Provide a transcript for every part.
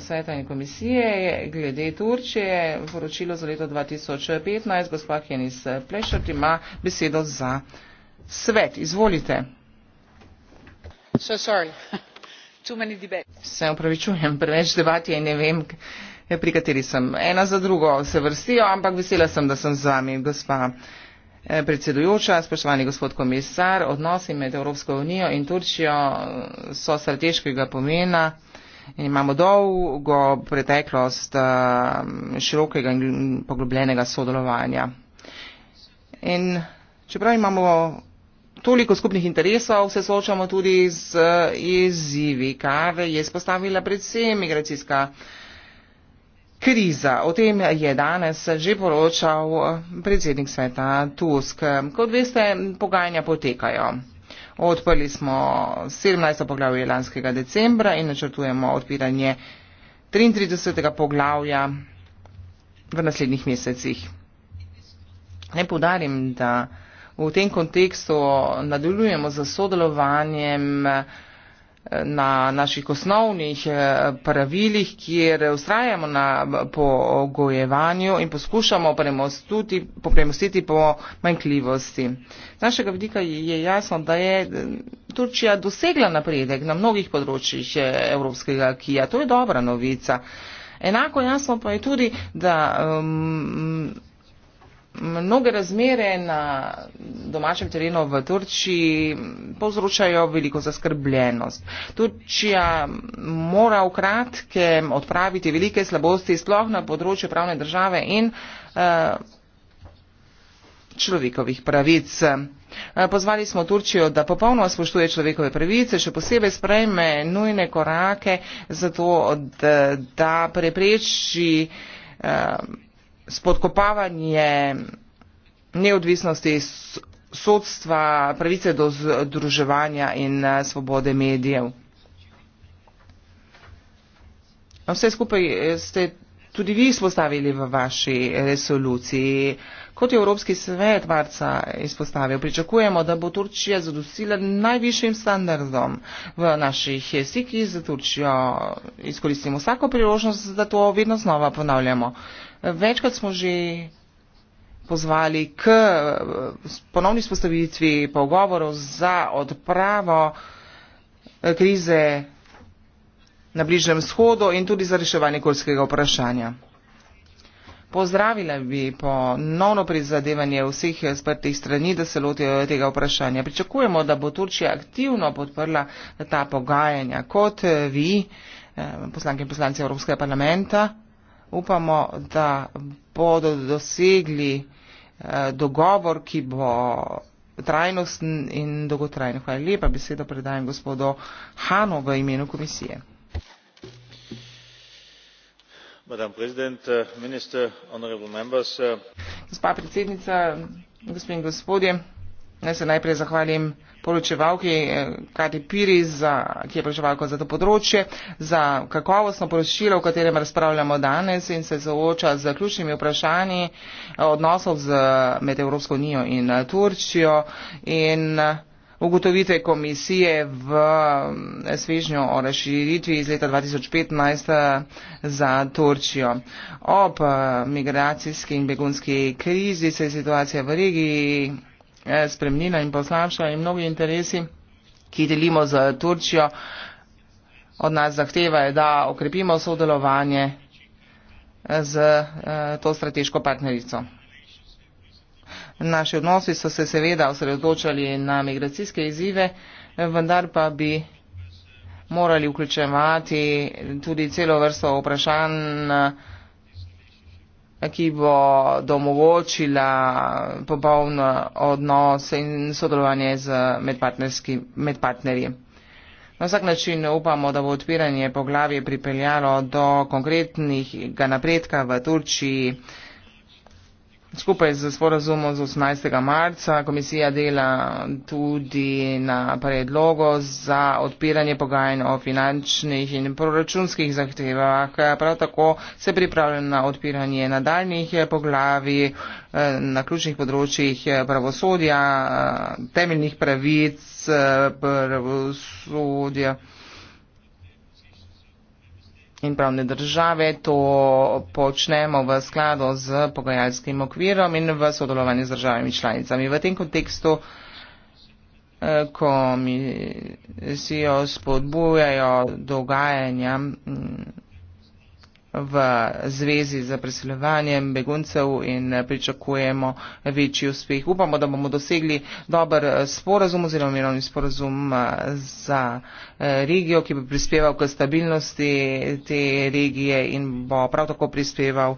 sveta in komisije je glede Turčije poročilo za leto 2015. Gospa Henis Plešert ima besedo za svet. Izvolite. So sorry. Se upravičujem, preveč debat je in ne vem, pri kateri sem. Ena za drugo se vrstijo, ampak vesela sem, da sem z vami, gospa eh, predsedujoča, spoštovani gospod komisar. Odnosi med Evropsko unijo in Turčijo eh, so strateškega pomena In imamo dolgo preteklost eh, širokega in poglobljenega sodelovanja. In čeprav imamo toliko skupnih interesov, se soočamo tudi z eh, izzivi, kar je spostavila predvsem migracijska kriza. O tem je danes že poročal eh, predsednik sveta Tusk. Kot veste, pogajanja potekajo. Odprli smo 17. poglavje lanskega decembra in načrtujemo odpiranje 33. poglavja v naslednjih mesecih. Ne povdarim, da v tem kontekstu nadaljujemo za sodelovanjem na naših osnovnih eh, pravilih, kjer ustrajamo na pogojevanju in poskušamo premostiti po manjkljivosti. Z našega vidika je jasno, da je Turčija dosegla napredek na mnogih področjih eh, evropskega kija. To je dobra novica. Enako jasno pa je tudi, da um, Mnoge razmere na domačem terenu v Turčiji povzročajo veliko zaskrbljenost. Turčija mora v kratke odpraviti velike slabosti sploh na področju pravne države in uh, človekovih pravic. Eh, pozvali smo Turčijo, da popolnoma spoštuje človekove pravice, še posebej sprejme nujne korake za to, da, da prepreči uh, spodkopavanje neodvisnosti sodstva, pravice do združevanja in eh, svobode medijev. No, vse skupaj eh, ste tudi vi izpostavili v vaši resoluciji. Kot je Evropski svet marca izpostavil, pričakujemo, da bo Turčija zadosila najvišjim standardom v naših stikih za Turčijo. Izkoristimo vsako priložnost, da to vedno znova ponavljamo. Večkrat smo že pozvali k ponovni spostavitvi pogovorov za odpravo eh, krize na Bližnem shodu in tudi za reševanje kurskega vprašanja. Pozdravila bi ponovno prizadevanje vseh sprtih strani, da se lotijo tega vprašanja. Pričakujemo, da bo Turčija aktivno podprla ta pogajanja, kot vi, eh, poslanke in poslanci Evropskega parlamenta upamo, da bodo dosegli eh, dogovor, ki bo trajnost in dolgotrajno. Hvala lepa, besedo predajem gospodu Hanu v imenu komisije. Eh, eh. Gospa predsednica, gospod in gospodje. Naj se najprej zahvalim poročevalki eh, Kati Piri, za, ki je poročevalka za to področje, za kakovostno poročilo, o katerem razpravljamo danes in se sooča z ključnimi vprašanji eh, odnosov z, med Evropsko unijo in eh, Turčijo in ugotovitve komisije v mm, svežnju o razširitvi iz leta 2015 za Turčijo. Ob migracijski in begunski krizi se je situacija v regiji Eh, spremnila in poslavšala in mnogi interesi, ki delimo z Turčijo, od nas zahtevajo, da okrepimo sodelovanje eh, z eh, to strateško partnerico. Naši odnosi so se seveda osredotočali na migracijske izzive, vendar pa bi morali vključevati tudi celo vrsto vprašanj, ki bo domovočila popoln odnos in sodelovanje med partnerji. Na vsak način upamo, da bo odpiranje poglavje pripeljalo do konkretnih napredka v Turčiji. Skupaj z sporazumom z 18. marca komisija dela tudi na predlogo za odpiranje pogajanj o finančnih in proračunskih zahtevah. Prav tako se pripravlja na odpiranje nadaljnih poglavi eh, na ključnih področjih eh, pravosodja, eh, temeljnih pravic pravosodja in pravne države. To počnemo v skladu z pogajalskim okvirom in v sodelovanju z državami članicami. V tem kontekstu eh, komisijo spodbujajo dogajanja. Mm, v zvezi z preseljevanjem beguncev in pričakujemo večji uspeh. Upamo, da bomo dosegli dober eh, sporazum oziroma mirovni sporazum eh, za eh, regijo, ki bi prispeval k stabilnosti te regije in bo prav tako prispeval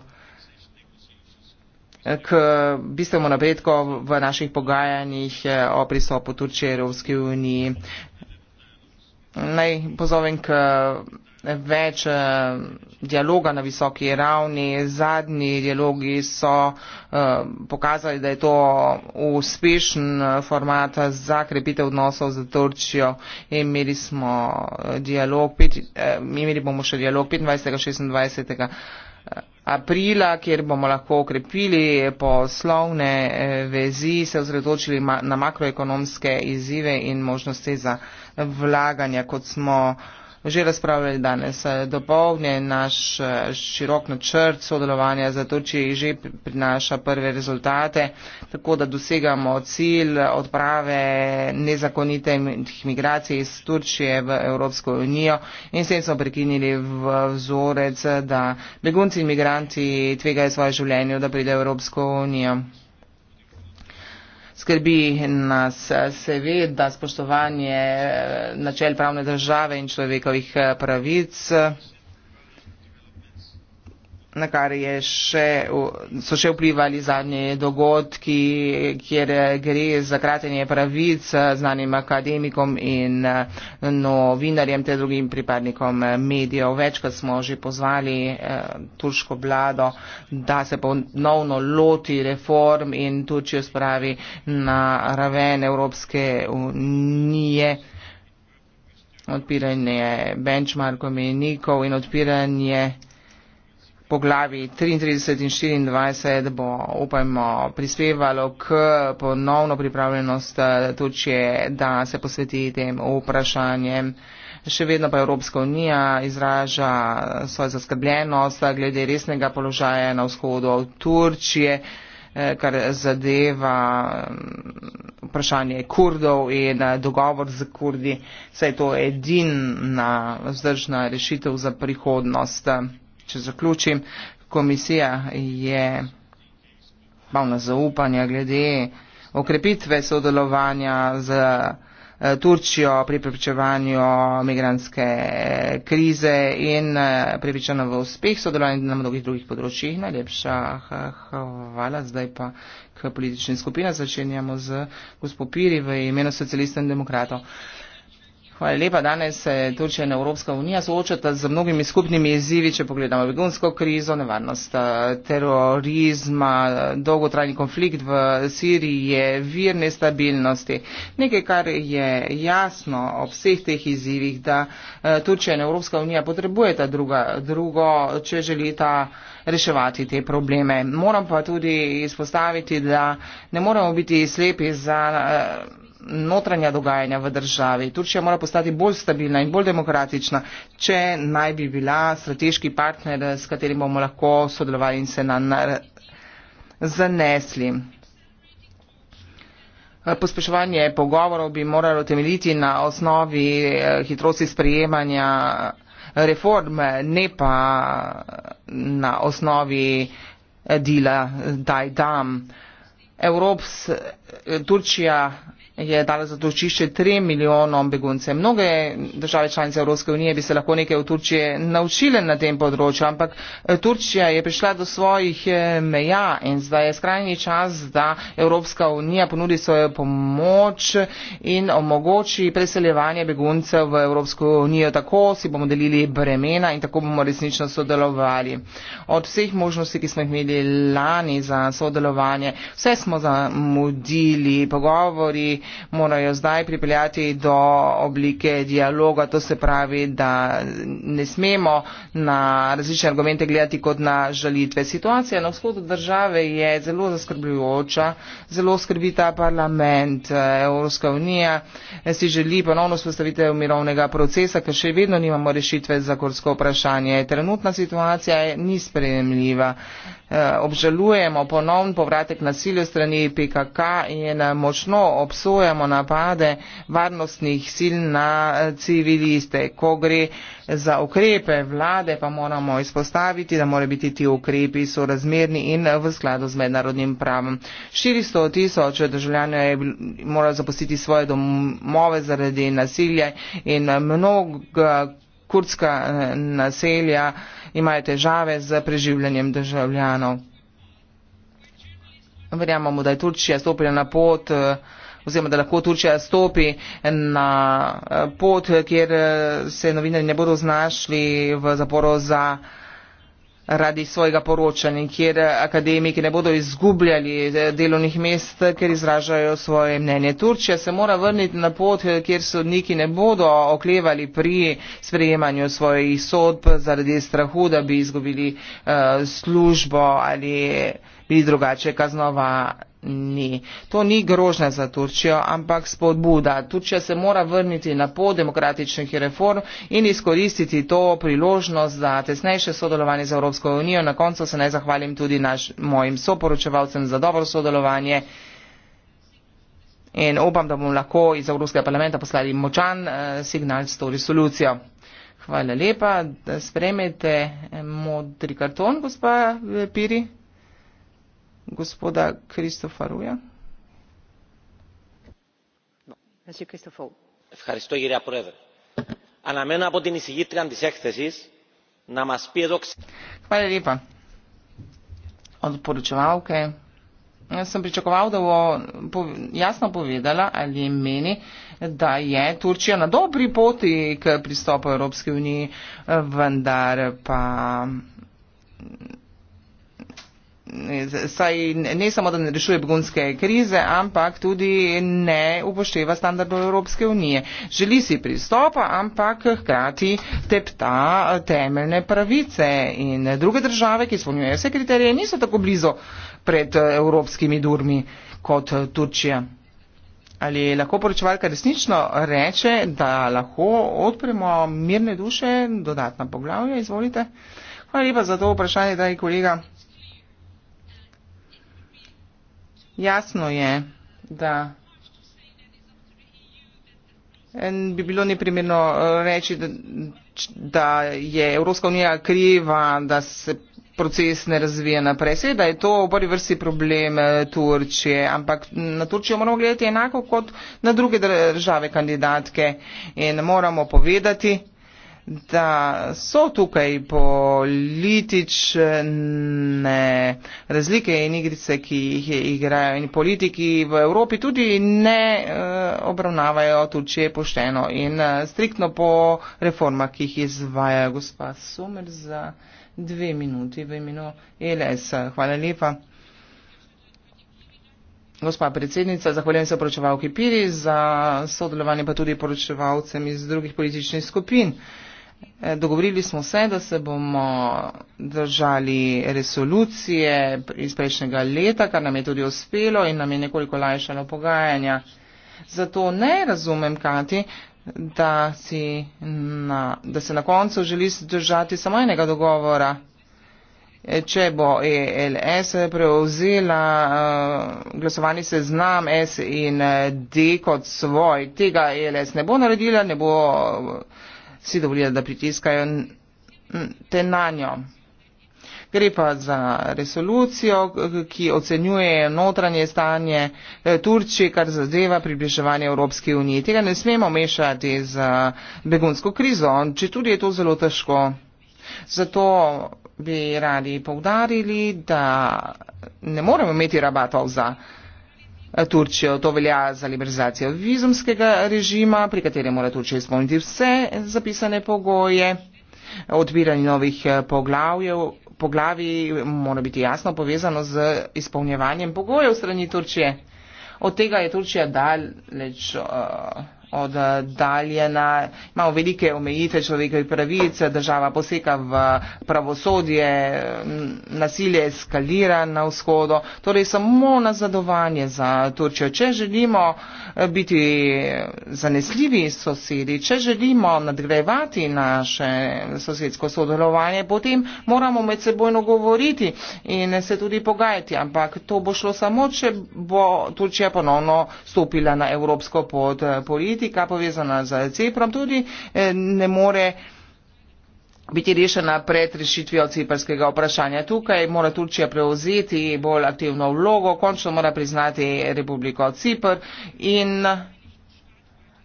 k bistvenemu napredku v naših pogajanjih o pristopu Turčije Evropske unije. Naj pozovem k več eh, dialoga na visoki ravni. Zadnji dialogi so eh, pokazali, da je to uspešen eh, format za krepitev odnosov z Turčijo. Imeli smo dialog, imeli bomo še dialog 25. 26 aprila, kjer bomo lahko okrepili poslovne vezi, se ozredočili na makroekonomske izzive in možnosti za vlaganja, kot smo uh, že razpravljali danes. Eh, Dopolnje naš eh, širok načrt sodelovanja za Turčijo že prinaša prve rezultate, tako da dosegamo cilj odprave nezakonite migracije iz Turčije v Evropsko unijo in s tem smo prekinili v vzorec, da begunci in migranti tvegajo svoje življenje, da pride v Evropsko unijo. Skrbi nas eh, seveda spoštovanje eh, načel pravne države in človekovih eh, pravic na kar je še, so še vplivali zadnji dogodki, kjer gre za kratenje pravic znanim akademikom in novinarjem te drugim pripadnikom medijev. Večkrat smo že pozvali eh, turško vlado, da se ponovno loti reform in Turčijo spravi na raven Evropske unije odpiranje benchmarkov menikov in odpiranje po glavi 33 in 24 bo, upajmo, prispevalo k ponovno pripravljenost eh, Turčije, da se posveti tem vprašanjem. Še vedno pa Evropska unija izraža eh, svojo zaskrbljenost eh, glede resnega položaja na vzhodu Turčije, kar zadeva mm, vprašanje kurdov in dogovor z kurdi, saj to je edina vzdržna rešitev za prihodnost če zaključim, komisija je polna zaupanja glede okrepitve sodelovanja z eh, Turčijo pri preprečevanju migranske eh, krize in eh, prepričano v uspeh sodelovanja na mnogih drugih področjih. Najlepša hvala. Zdaj pa k politični skupini začenjamo z gospod Piri v imenu socialistov in demokratov. Hvala lepa. Danes se Turčija in Evropska unija soočata z mnogimi skupnimi izzivi, če pogledamo begunsko krizo, nevarnost eh, terorizma, dolgotrajni konflikt v Siriji, vir nestabilnosti. Nekaj, kar je jasno ob vseh teh izzivih, da eh, Turčija in Evropska unija potrebujeta druga, drugo, če želita reševati te probleme. Moram pa tudi izpostaviti, da ne moramo biti slepi za eh, notranja dogajanja v državi. Turčija mora postati bolj stabilna in bolj demokratična, če naj bi bila strateški partner, s katerim bomo lahko sodelovali in se nam zanesli. Pospeševanje pogovorov bi moralo temeljiti na osnovi eh, hitrosti sprejemanja reform, ne pa na osnovi eh, dela daj dam. Evrops, Turčija je dala zatočišče 3 milijonom beguncem. Mnoge države članice Evropske unije bi se lahko nekaj v Turčije naučile na tem področju, ampak eh, Turčija je prišla do svojih eh, meja in zdaj je skrajni čas, da Evropska unija ponudi svojo pomoč in omogoči preseljevanje beguncev v Evropsko unijo. Tako si bomo delili bremena in tako bomo resnično sodelovali. Od vseh možnosti, ki smo jih imeli lani za sodelovanje, vse smo zamudili, pogovori, morajo zdaj pripeljati do oblike dialoga. To se pravi, da ne smemo na različne argumente gledati kot na žalitve. Situacija na vzhodu države je zelo zaskrbljujoča, zelo skrbi ta parlament. Evropska unija si želi ponovno spostavitev mirovnega procesa, ker še vedno nimamo rešitve za kurdsko vprašanje. Trenutna situacija ni sprejemljiva. Eh, obžalujemo ponovno povratek nasilja strani PKK in eh, močno obsojamo napade varnostnih sil na eh, civiliste. Ko gre za ukrepe vlade, pa moramo izpostaviti, da morajo biti ti ukrepi sorazmerni in v skladu z mednarodnim pravom. 400 tisoč državljanov je moralo zapustiti svoje domove zaradi nasilja in mnog kurdska naselja imajo težave z preživljanjem državljanov. Verjamemo, da je Turčija stopila na pot eh, oziroma da lahko Turčija stopi na eh, pot, kjer eh, se novinari ne bodo znašli v zaporu za radi svojega poročanja, kjer akademiki ne bodo izgubljali eh, delovnih mest, ker izražajo svoje mnenje. Turčija se mora vrniti na pot, eh, kjer sodniki ne bodo oklevali pri sprejemanju svojih sodb zaradi strahu, da bi izgubili uh, službo ali bi drugače kaznovali ni. To ni grožnja za Turčijo, ampak spodbuda. Turčija se mora vrniti na pot demokratičnih reform in izkoristiti to priložnost za tesnejše sodelovanje z Evropsko unijo. Na koncu se naj zahvalim tudi naš, mojim soporočevalcem za dobro sodelovanje. In upam, da bomo lahko iz Evropskega parlamenta poslali močan eh, signal s to resolucijo. Hvala lepa. Spremete modri karton, gospa eh, Piri gospoda Kristofa Ruja. No. Ευχαριστώ κυρία Πρόεδρε. Αναμένω από την εισηγήτρια της έκθεσης να μας πει εδώ ξεκάθαρα. od poročevalke. Jaz sem pričakoval, da bo jasno povedala ali meni, da je Turčija na dobri poti k pristopu Evropske unije, vendar pa saj ne samo, da ne rešuje begunske krize, ampak tudi ne upošteva standardov Evropske unije. Želi si pristopa, ampak hkrati tepta temeljne pravice in druge države, ki spolnjujejo vse kriterije, niso tako blizu pred evropskimi durmi kot Turčija. Ali lahko poročevalka resnično reče, da lahko odpremo mirne duše, dodatna poglavja, izvolite? Hvala lepa za to vprašanje, da je kolega. Jasno je, da bi bilo neprimerno eh, reči, da, da je Evropska unija kriva, da se proces ne razvija naprej. Seveda je to v prvi vrsti problem eh, Turčije, ampak na Turčijo moramo gledati enako kot na druge države kandidatke in moramo povedati, da so tukaj politične razlike in igrice, ki jih igrajo in politiki v Evropi tudi ne eh, obravnavajo, tudi če je pošteno in eh, striktno po reformah, ki jih izvaja gospa Sumer za dve minuti v imenu e LS. Hvala lepa. Gospa predsednica, zahvaljujem se poročevalki Piri za sodelovanje pa tudi poročevalcem iz drugih političnih skupin. Dogovorili smo se, da se bomo držali resolucije iz prejšnjega leta, kar nam je tudi uspelo in nam je nekoliko lajšalo pogajanja. Zato ne razumem, Kati, da, na, da se na koncu želi držati samo enega dogovora. E, če bo ELS prevzela uh, glasovani seznam S in D kot svoj, tega ELS ne bo naredila, ne bo. Uh, si dovolila, da pritiskajo te na njo. Gre pa za resolucijo, ki ocenjuje notranje stanje eh, Turčije, kar zadeva približevanje Evropske unije. Tega ne smemo mešati z begunsko krizo, če tudi je to zelo težko. Zato bi radi povdarili, da ne moremo imeti rabatov za Eh, Turčijo. To velja za liberalizacijo vizumskega režima, pri katerem mora Turčija izpolniti vse zapisane pogoje, odpiranje novih eh, poglavjev. Poglavi mora biti jasno povezano z izpolnjevanjem pogojev strani Turčije. Od tega je Turčija daleč. Uh, oddaljena, imamo velike omejitve človekovih pravic, država poseka v pravosodje, nasilje eskalira na vzhodu, torej samo nazadovanje za Turčijo. Če želimo eh, biti zanesljivi sosedi, če želimo nadgrajevati naše sosedsko sodelovanje, potem moramo med sebojno govoriti in se tudi pogajati, ampak to bo šlo samo, če bo Turčija ponovno stopila na evropsko pot politiko politika povezana z ciprom tudi eh, ne more biti rešena pred rešitvijo ciprskega vprašanja. Tukaj mora Turčija prevzeti bolj aktivno vlogo, končno mora priznati Republiko Cipr in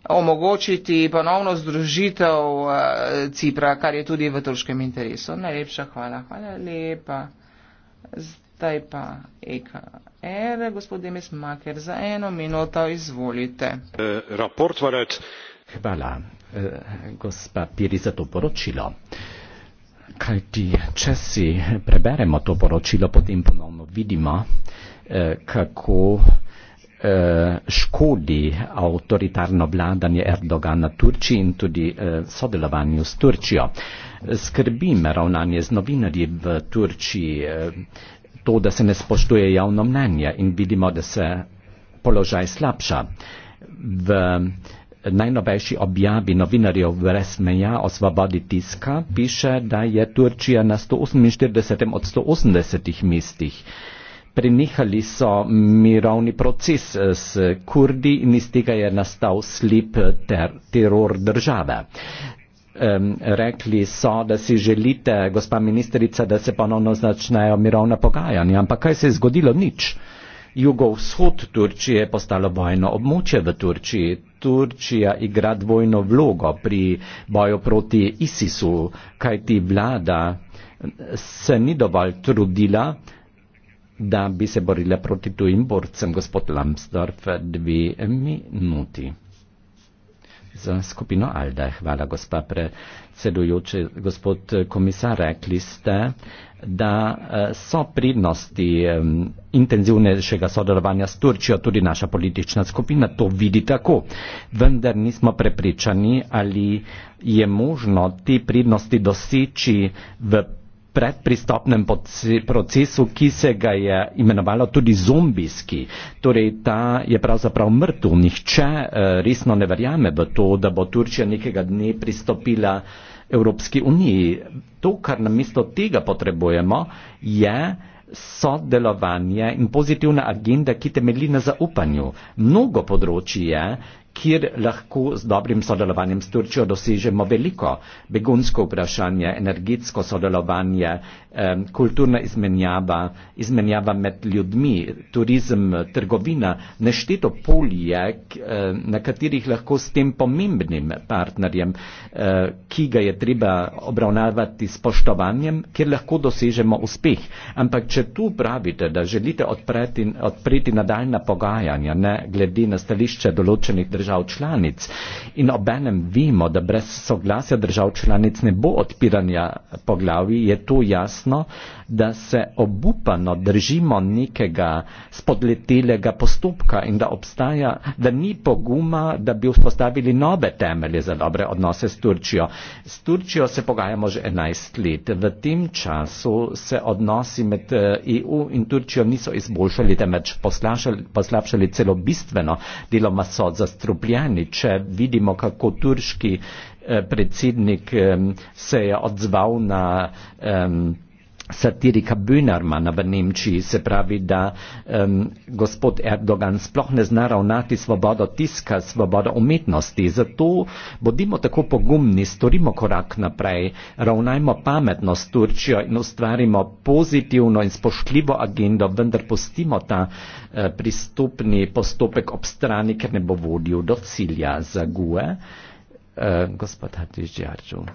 omogočiti ponovno združitev eh, Cipra, kar je tudi v turškem interesu. Najlepša hvala. Hvala lepa zdaj pa EKR, gospod Demis Maker, za eno minuto izvolite. E, Hvala, e, gospa Piri, za to poročilo. Kaj ti, če si preberemo to poročilo, potem ponovno vidimo, e, kako škodi avtoritarno vladanje Erdogana Turčiji in tudi sodelovanju s Turčijo. Skrbim ravnanje z novinarji v Turčiji to, da se ne spoštuje javno mnenje in vidimo, da se položaj slabša. V najnovejši objavi novinarjev brez meja o svobodi tiska piše, da je Turčija na 148 od 180 mestih. Prenehali so mirovni proces eh, s Kurdi in iz tega je nastal slip ter teror države um, rekli so, da si želite, gospa ministrica, da se ponovno začnejo mirovna pogajanja. Ampak kaj se je zgodilo? Nič. Jugovzhod Turčije je postalo vojno območje v Turčiji. Turčija igra dvojno vlogo pri boju proti ISIS-u, kaj ti vlada se ni dovolj trudila, da bi se borila proti tujim borcem. Gospod Lambsdorff, dve minuti z skupino Alde. Hvala, gospa predsedujoči. Gospod komisar, rekli ste, da eh, so prednosti intenzivnejšega sodelovanja s Turčijo tudi naša politična skupina to vidi tako. Vendar nismo prepričani, ali je možno te prednosti doseči v predpristopnem procesu, ki se ga je imenovalo tudi zombijski. Torej, ta je pravzaprav mrtev. Nihče eh, resno ne verjame v to, da bo Turčija nekega dne pristopila Evropski uniji. To, kar namesto tega potrebujemo, je sodelovanje in pozitivna agenda, ki temelji na zaupanju. Mnogo področji je, kjer lahko z dobrim sodelovanjem s Turčijo dosežemo veliko. Begunsko vprašanje, energetsko sodelovanje, kulturna izmenjava, izmenjava med ljudmi, turizem, trgovina, nešteto polje, e, na katerih lahko s tem pomembnim partnerjem, e, ki ga je treba obravnavati s poštovanjem, kjer lahko dosežemo uspeh. Ampak če tu pravite, da želite odpreti, odpreti nadaljna pogajanja, ne glede na stališče določenih držav, držav članic in obenem vemo, da brez soglasja držav članic ne bo odpiranja poglavi, je to jasno, da se obupano držimo nekega spodletelega postopka in da obstaja, da ni poguma, da bi vzpostavili nove temelje za dobre odnose s Turčijo. S Turčijo se pogajamo že 11 let. V tem času se odnosi med EU eh, e in Turčijo niso izboljšali, temveč poslabšali celo bistveno deloma so zastrupili zastrupljeni, če vidimo, kako turški eh, predsednik eh, se je odzval na um, satirika Bönermann, aber Nemci, se pravi, da um, gospod Erdogan sploh ne zna ravnati svobodo tiska, svobodo umetnosti. Zato bodimo tako pogumni, storimo korak naprej, ravnajmo pametno s Turčijo in ustvarimo pozitivno in spoštljivo agendo, vendar pustimo ta uh, pristopni postopek ob strani, ker ne bo vodil do cilja za GUE. Uh, eh, gospod Hatvič Jarčov.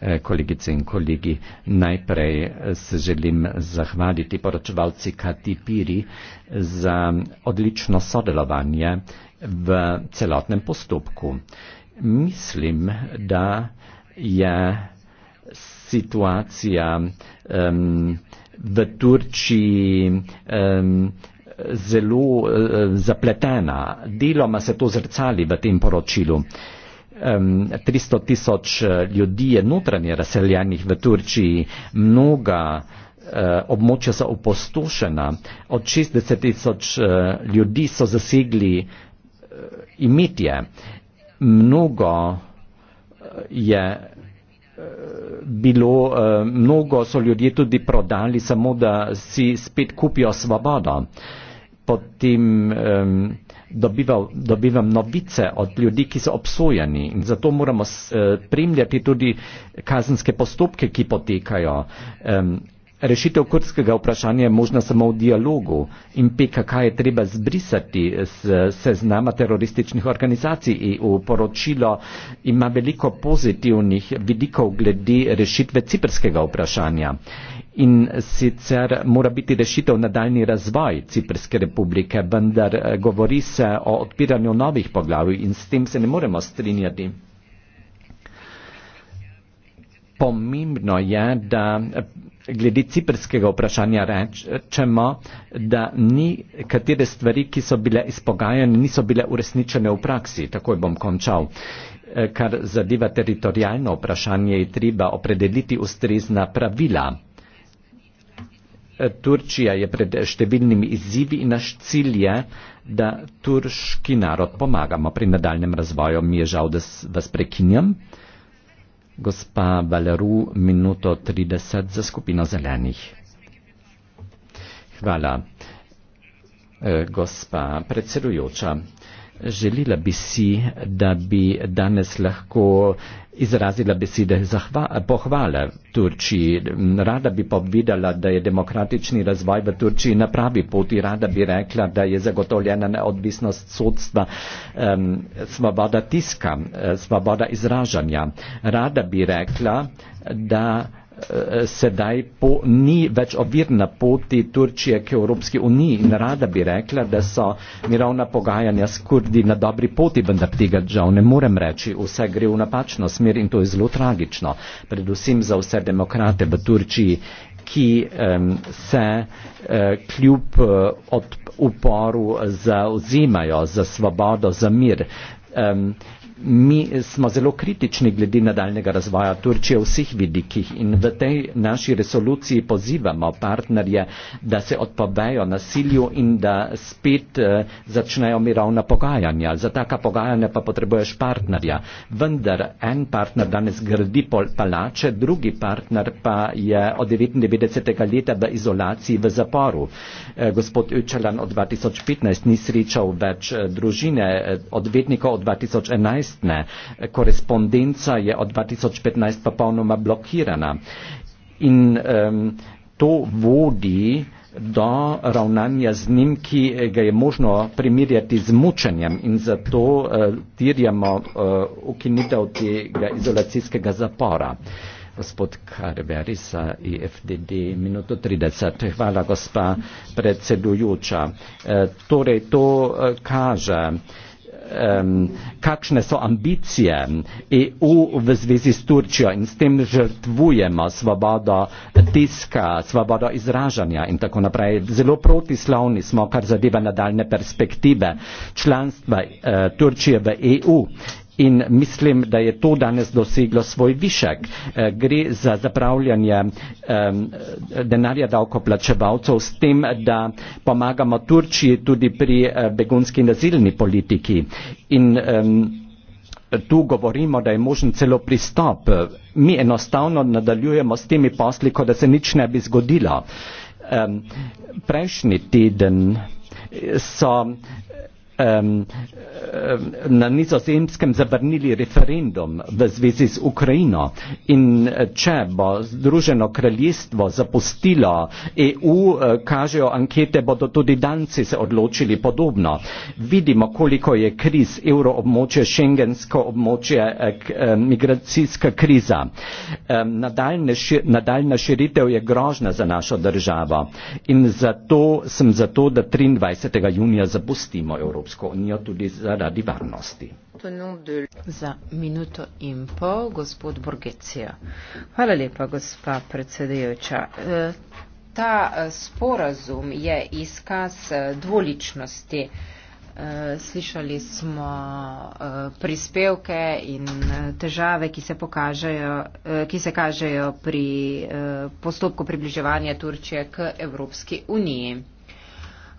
Eh, kolegice in kolegi. Najprej eh, se želim zahvaliti poročevalci Kati Piri za odlično sodelovanje v celotnem postopku. Mislim, da je situacija um, v Turčiji um, zelo uh, zapletena. Deloma se to zrcali v tem poročilu. Uh, 300 tisoč eh, ljudi je notranje razseljenih v Turčiji, mnoga eh, območja so opostošena, od 60 tisoč eh, ljudi so zasegli imetje, mnogo je bilo, mnogo so ljudje tudi prodali, samo da si spet kupijo svobodo. Potem um, dobival, dobivam novice od ljudi, ki so obsojeni in zato moramo eh, spremljati tudi kazenske postopke, ki potekajo. Rešitev kurdskega vprašanja je možna samo v dialogu in PKK je treba zbrisati z seznama terorističnih organizacij. EU poročilo ima veliko pozitivnih vidikov glede rešitve ciprskega vprašanja in sicer mora biti rešitev nadaljni razvoj Ciprske republike, vendar eh, govori se o odpiranju novih poglavij in s tem se ne moremo strinjati. Pomembno je, da eh, glede ciprskega vprašanja rečemo, da ni katere stvari, ki so bile izpogajane, niso bile uresničene v praksi. Takoj bom končal. Eh, kar zadeva teritorijalno vprašanje, je treba opredeliti ustrezna pravila Turčija je pred številnimi izzivi in naš cilj je, da turški narod pomagamo pri nadaljem razvoju. Mi je žal, da vas prekinjam. Gospa Valeru, minuto 30 za skupino zelenih. Hvala, eh, gospa predsedujoča. Želela bi si, da bi danes lahko izrazila besede pohvale Turčiji. Rada bi povedala, da je demokratični razvoj v Turčiji na pravi poti. Rada bi rekla, da je zagotovljena neodvisnost sodstva, um, svoboda tiska, eh, svoboda izražanja. Rada bi rekla, da. Eh, sedaj po, ni več ovir na poti Turčije k Evropski uniji in rada bi rekla, da so mirovna pogajanja s Kurdi na dobri poti, vendar tega žal ne morem reči. Vse gre v napačno smer in to je zelo tragično, predvsem za vse demokrate v Turčiji, ki um, se uh, kljub uh, eh, od uporu zauzimajo za svobodo, za mir. Um, mi smo zelo kritični glede nadaljnega razvoja Turčije v vseh vidikih in v tej naši resoluciji pozivamo partnerje, da se odpovejo nasilju in da spet eh, začnejo mirovna pogajanja. Za taka pogajanja pa potrebuješ partnerja. Vendar en partner danes gradi palače, drugi partner pa je od 99. leta v izolaciji v zaporu. Eh, gospod Učelan od 2015 ni srečal več eh, družine odvetnikov od 2011 koristne. Korespondenca je od 2015 popolnoma blokirana. In um, to vodi do ravnanja z njim, ki ga je možno primerjati z mučenjem in zato uh, tirjamo uh, ukinitev tega izolacijskega zapora. Gospod Karber iz eh, IFDD, minuto 30. Hvala, gospa predsedujoča. Uh, torej, to uh, kaže, uh, um, kakšne so ambicije EU v zvezi s Turčijo in s tem žrtvujemo svobodo tiska, svobodo izražanja in tako naprej. Zelo protislavni smo, kar zadeva nadaljne perspektive članstva uh, Turčije v EU in mislim, da je to danes doseglo svoj višek. Eh, gre za zapravljanje denarja davkoplačevalcev s tem, da pomagamo Turčiji tudi pri eh, begunski nazilni politiki. In, Tu govorimo, da je možen celo pristop. Mi enostavno nadaljujemo s temi posli, kot da se nič ne bi zgodilo. Prejšnji teden so um, na nizozemskem zabrnili referendum v zvezi z Ukrajino in eh, če bo Združeno kraljestvo zapustilo EU, eh, kažejo ankete, bodo tudi Danci se odločili podobno. Vidimo, koliko je kriz evroobmočje, šengensko območje, eh, migracijska kriza. Nadaljne, nadaljna širitev je grožna za našo državo in zato sem zato, da 23. junija zapustimo Evropo. Evropsko unijo tudi zaradi varnosti. Za minuto in pol, gospod Borgecija. Hvala lepa, gospa predsedajoča. E, ta e, sporazum je izkaz e, dvoličnosti. Slišali smo prispevke in težave, ki se, pokažejo, ki se kažejo pri postopku približevanja Turčije k Evropski uniji.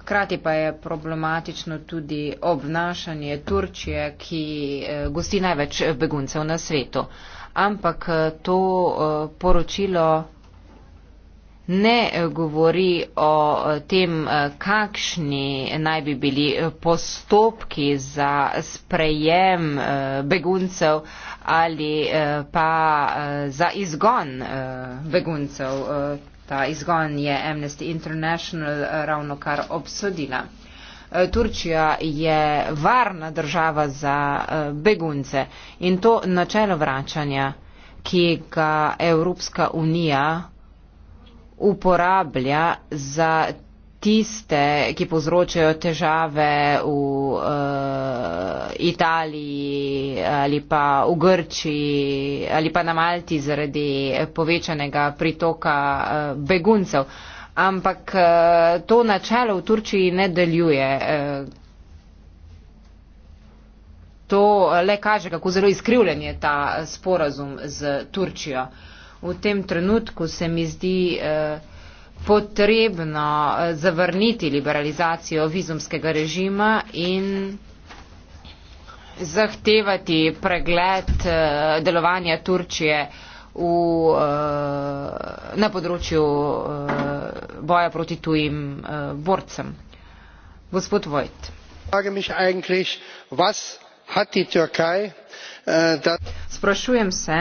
Hkrati pa je problematično tudi obnašanje Turčije, ki eh, gosti največ beguncev na svetu. Ampak eh, to eh, poročilo ne govori o tem, kakšni naj bi bili postopki za sprejem beguncev ali pa za izgon beguncev. Ta izgon je Amnesty International eh, ravno kar obsodila. Eh, Turčija je varna država za eh, begunce in to načelo vračanja, ki ga Evropska unija uporablja za tiste, ki povzročajo težave v uh, Italiji ali pa v Grčiji ali pa na Malti zaradi povečanega pritoka uh, beguncev. Ampak uh, to načelo v Turčiji ne deluje. Uh, to le kaže, kako zelo izkrivljen je ta sporazum z Turčijo. V tem trenutku se mi zdi. Uh, potrebno eh, zavrniti liberalizacijo vizumskega režima in zahtevati pregled eh, delovanja Turčije v, eh, na področju boja proti tujim borcem. Gospod Vojt. Äh, Sprašujem se,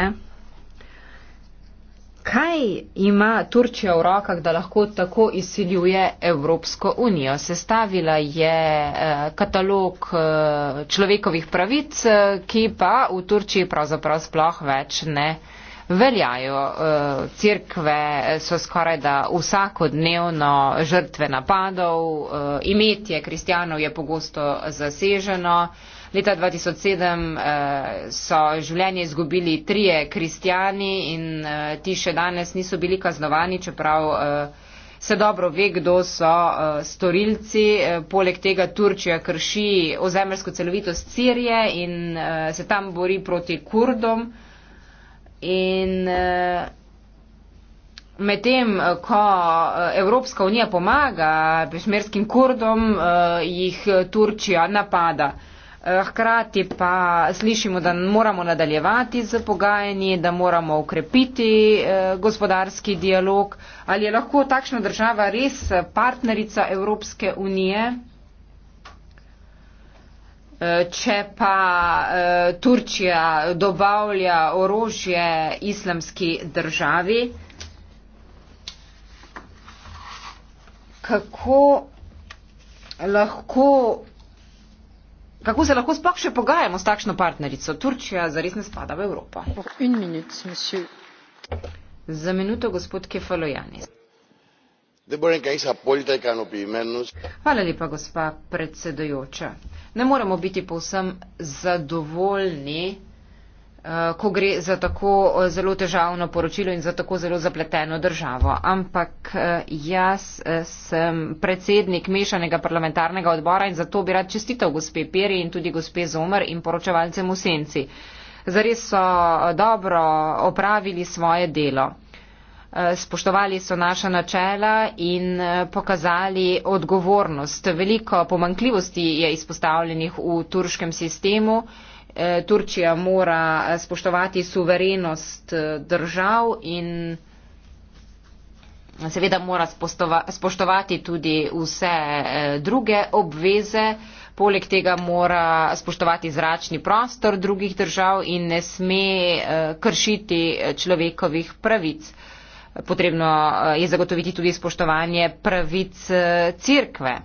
kaj ima Turčija v rokah, da lahko tako izsiljuje Evropsko unijo? Sestavila je eh, katalog eh, človekovih pravic, eh, ki pa v Turčiji pravzaprav sploh več ne veljajo. Cirkve so skoraj da vsakodnevno žrtve napadov, imetje kristjanov je pogosto zaseženo. Leta 2007 eh, so življenje izgubili trije kristijani in eh, ti še danes niso bili kaznovani, čeprav eh, se dobro ve, kdo so eh, storilci. Eh, poleg tega Turčija krši ozemelsko celovitost Sirije in eh, se tam bori proti Kurdom. In, eh, Medtem, eh, ko eh, Evropska unija pomaga pešmerskim kurdom, eh, jih Turčija napada. Eh, hkrati pa slišimo, da moramo nadaljevati z pogajanji, da moramo ukrepiti eh, gospodarski dialog. Ali je lahko takšna država res partnerica Evropske unije? Eh, če pa Turčija dobavlja orožje islamski državi, kako lahko Kako se lahko sploh še pogajamo s takšno partnerico? Turčija zares ne spada v Evropo. Za minuto gospod Kefalojani. Hvala lepa, gospa predsedojoča. Ne moremo biti povsem zadovoljni Eh, ko gre za tako eh, zelo težavno poročilo in za tako zelo zapleteno državo. Ampak eh, jaz sem predsednik mešanega parlamentarnega odbora in zato bi rad čestital gospe Peri in tudi gospe Zomer in poročevalcem v Senci. Zares so dobro opravili svoje delo. Spoštovali so naša načela in pokazali odgovornost. Veliko pomankljivosti je izpostavljenih v turškem sistemu. Eh, Turčija mora eh, spoštovati suverenost eh, držav in seveda mora spoštovati tudi vse druge obveze. Poleg tega mora spoštovati zračni prostor drugih držav in ne sme kršiti človekovih pravic. Potrebno je zagotoviti tudi spoštovanje pravic crkve.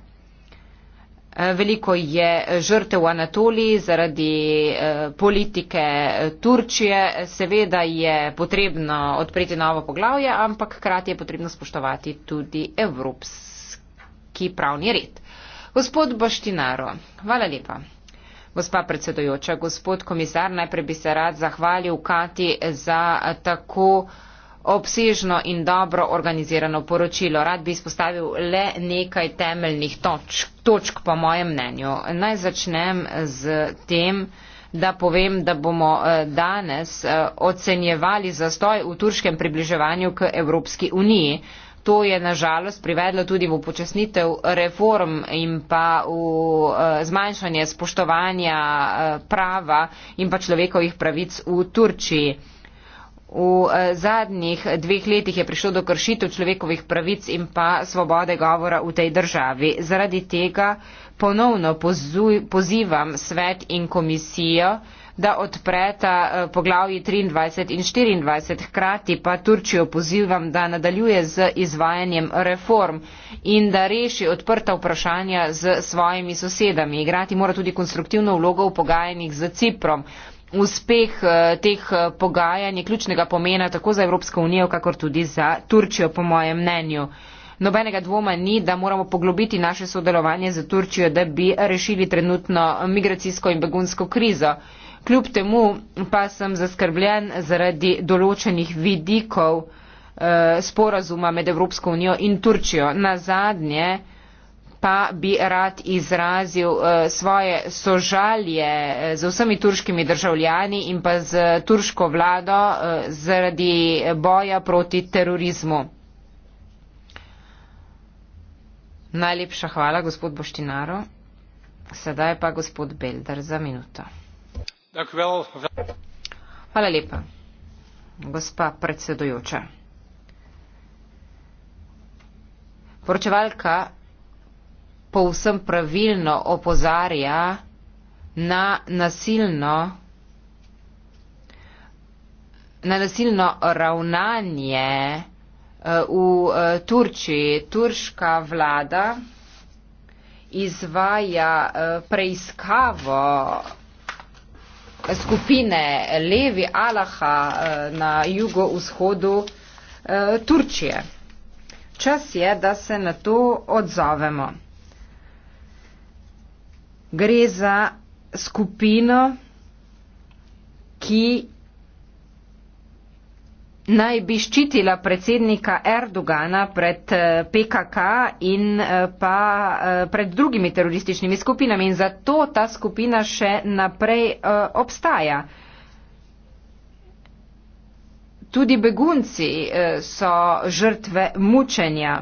Eh, veliko je žrtev v Anatoliji zaradi eh, politike eh, Turčije. Seveda je potrebno odpreti novo poglavje, ampak krati je potrebno spoštovati tudi evropski pravni red. Gospod Baštinaro, hvala lepa. Gospa predsedojoča, gospod komisar, najprej bi se rad zahvalil Kati za tako obsežno in dobro organizirano poročilo. Rad bi izpostavil le nekaj temeljnih točk, točk po mojem mnenju. Naj začnem z tem, da povem, da bomo eh, danes eh, ocenjevali zastoj v turškem približevanju k Evropski uniji. To je nažalost privedlo tudi v upočasnitev reform in pa v eh, zmanjšanje spoštovanja prava in pa človekovih pravic v Turčiji. V eh, zadnjih dveh letih je prišlo do kršitev človekovih pravic in pa svobode govora v tej državi. Zaradi tega ponovno pozivam svet in komisijo, da odpreta eh, poglavji 23 in 24, hkrati pa Turčijo pozivam, da nadaljuje z izvajanjem reform in da reši odprta vprašanja z svojimi sosedami. Igrati mora tudi konstruktivno vlogo v pogajanjih z Ciprom uspeh eh, teh eh, pogajanj je ključnega pomena tako za Evropsko unijo, kakor tudi za Turčijo, po mojem mnenju. Nobenega dvoma ni, da moramo poglobiti naše sodelovanje z Turčijo, da bi rešili trenutno migracijsko in begunsko krizo. Kljub temu pa sem zaskrbljen zaradi določenih vidikov eh, sporazuma med Evropsko unijo in Turčijo. Na zadnje eh, pa bi rad izrazil eh, svoje sožalje eh, z vsemi turškimi državljani in pa z turško vlado eh, zaradi boja proti terorizmu. Najlepša hvala, gospod Boštinaro. Sedaj pa gospod Belder za minuto. Hvala lepa, gospa predsedujoča. Poročevalka povsem pravilno opozarja na nasilno, na nasilno ravnanje eh, v eh, Turčiji. Turška vlada izvaja eh, preiskavo skupine Levi Alaha na jugovzhodu Turčije. Čas je, da se na to odzovemo gre za skupino, ki naj bi ščitila predsednika Erdogana pred eh, PKK in eh, pa eh, pred drugimi terorističnimi skupinami in zato ta skupina še naprej obstaja. Tudi begunci so žrtve mučenja.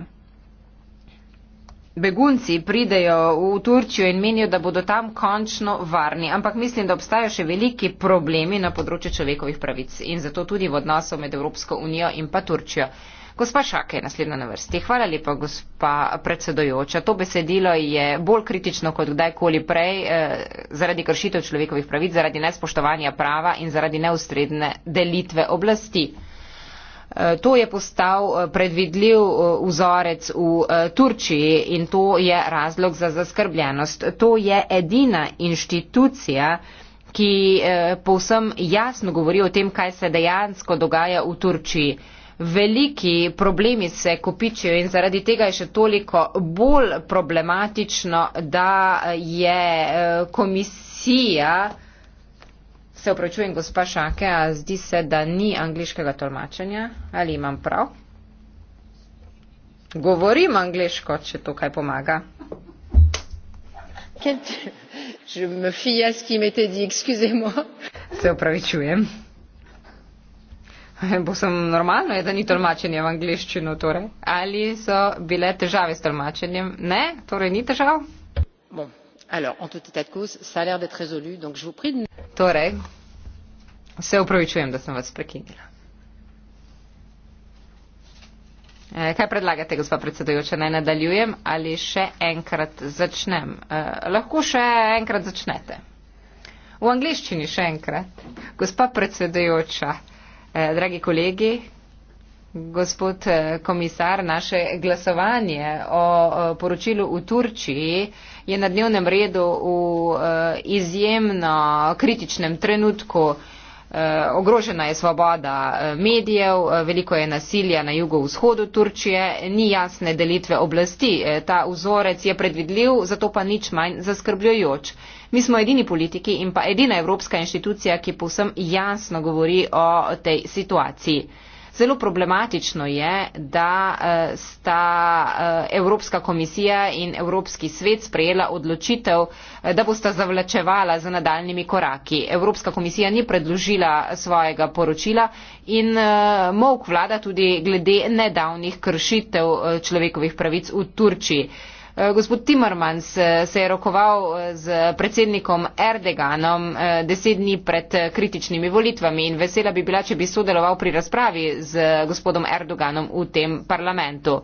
Begunci pridejo v Turčijo in menijo, da bodo tam končno varni, ampak mislim, da obstajajo še veliki problemi na področju človekovih pravic in zato tudi v odnosu med Evropsko unijo in pa Turčijo. Gospa Šake je naslednja na vrsti. Hvala lepa, gospa predsedojoča. To besedilo je bolj kritično kot kdajkoli prej eh, zaradi kršitev človekovih pravic, zaradi nespoštovanja prava in zaradi neustredne delitve oblasti. Eh, to je postal eh, predvidljiv eh, vzorec v Turčiji in to je razlog za zaskrbljenost. To je edina inštitucija, ki povsem jasno govori o tem, kaj se dejansko dogaja v Turčiji. Veliki problemi se kopičijo in zaradi tega je še toliko bolj problematično, da je komisija Se opravičujem, gospa Šake, a zdi se, da ni angliškega tolmačenja, ali imam prav? Govorim angliško, če to kaj pomaga. Se opravičujem. E, bo sem normalno, je, da ni tolmačenje v angliščino, torej. Ali so bile težave s tolmačenjem? Ne, torej ni težav? Bom en tout état de cause cela a l'air d'être résolu donc je vous prie de. Torej, eh, kaj predlagate gospa predsedujoča naj nadaljujem ali še enkrat začnem eh, lahko še enkrat začnete v angliščini še enkrat gospa predsedujoča eh, dragi kolegi Gospod eh, komisar, naše glasovanje o eh, poročilu v Turčiji je na dnevnem redu v eh, izjemno kritičnem trenutku. Ogrožena je svoboda medijev, veliko je nasilja na jugovzhodu Turčije, ni jasne delitve oblasti. Ta vzorec je predvidljiv, zato pa nič manj zaskrbljujoč. Mi smo edini politiki in pa edina evropska inštitucija, ki povsem jasno govori o tej situaciji. Zelo problematično je, da eh, sta eh, Evropska komisija in Evropski svet sprejela odločitev, eh, da bosta zavlačevala z nadaljnimi koraki. Evropska komisija ni predložila svojega poročila in mok vlada tudi glede nedavnih kršitev človekovih pravic v Turčiji. Eh, gospod Timmermans eh, se je rokoval eh, z predsednikom Erdoganom deset dni pred kritičnimi volitvami in vesela bi bila, če bi sodeloval pri razpravi z gospodom Erdoganom v tem parlamentu.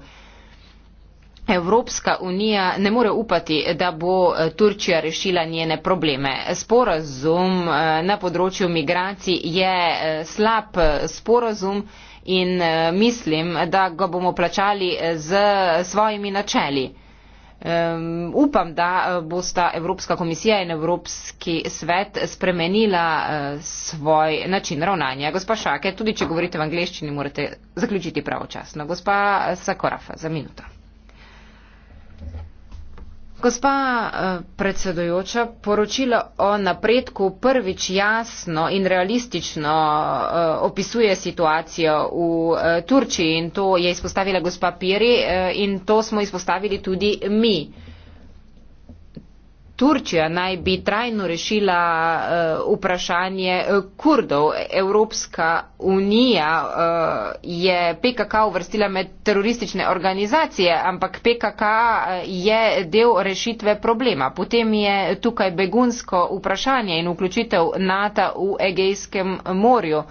Evropska unija ne more upati, da bo Turčija rešila njene probleme. Sporazum na področju migracij je slab sporazum in mislim, da ga bomo plačali z svojimi načeli. Um, upam, da eh, bosta Evropska komisija in Evropski svet spremenila uh, svoj način ravnanja. Gospa Šake, tudi če govorite v angleščini, morate zaključiti pravočasno. Gospa Sakorafa, za minuto. Gospa eh, predsedujoča, poročilo o napredku prvič jasno in realistično eh, opisuje situacijo v eh, Turčiji in to je izpostavila gospa Piri in to smo izpostavili tudi mi. Turčija naj bi trajno rešila uh, vprašanje eh, Kurdov. Evropska unija uh, je PKK uvrstila med teroristične organizacije, ampak PKK je del rešitve problema. Potem je tukaj begunsko vprašanje in vključitev NATO v Egejskem morju.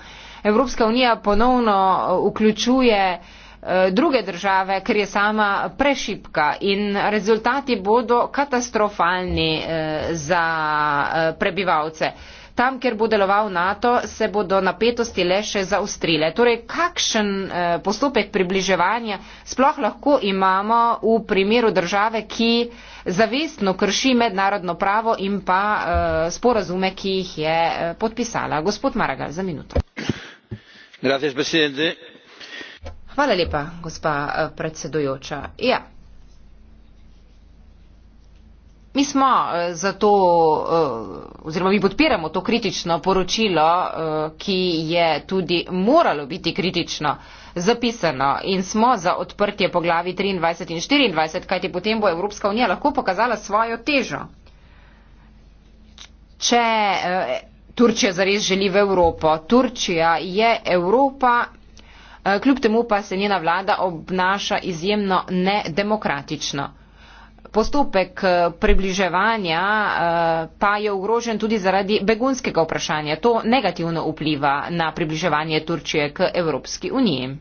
Evropska unija ponovno vključuje uh, Eh, druge države, ker je sama prešipka in rezultati bodo katastrofalni eh, za eh, prebivalce. Tam, kjer bo deloval NATO, se bodo napetosti le še zaustrile. Torej, kakšen postopek približevanja sploh lahko imamo v primeru države, ki zavestno krši mednarodno pravo in pa sporazume, ki jih je podpisala. Gospod Maragal, za minuto. Gracias, presidente. Hvala lepa, gospa eh, predsedujoča. Ja. Mi smo eh, zato, eh, oziroma mi podpiramo to kritično poročilo, ki je tudi moralo biti kritično zapisano in smo za odprtje poglavi 23 in 24, kajti potem bo Evropska unija lahko pokazala svojo težo. Če Turčija zares želi v Evropo, Turčija je Evropa Eh, kljub temu pa se njena vlada obnaša izjemno nedemokratično. Postopek eh, približevanja eh, pa je ogrožen tudi zaradi begunskega vprašanja. To negativno vpliva na približevanje Turčije k Evropski uniji.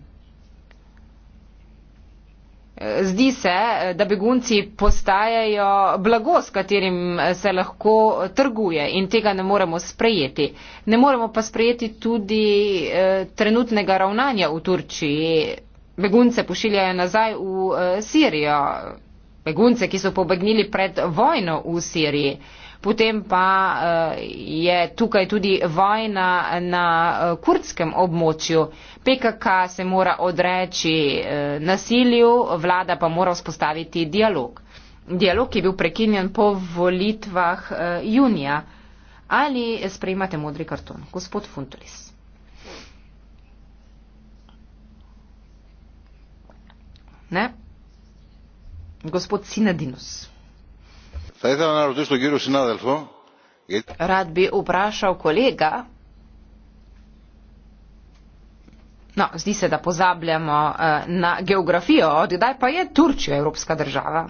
Zdi se, da begunci postajajo blago, s katerim se lahko trguje in tega ne moremo sprejeti. Ne moremo pa sprejeti tudi eh, trenutnega ravnanja v Turčiji. Begunce pošiljajo nazaj v eh, Sirijo. Begunce, ki so pobegnili pred vojno v Siriji potem pa eh, je tukaj tudi vojna na eh, kurdskem območju. PKK se mora odreči eh, nasilju, vlada pa mora vzpostaviti dialog. Dialog je bil prekinjen po volitvah junija. Ali sprejmate modri karton, gospod Funtulis? Ne? Gospod Sinadinus rad bi vprašal kolega no zdi se da pozabljamo uh, na geografijo od kdaj pa je turčija evropska država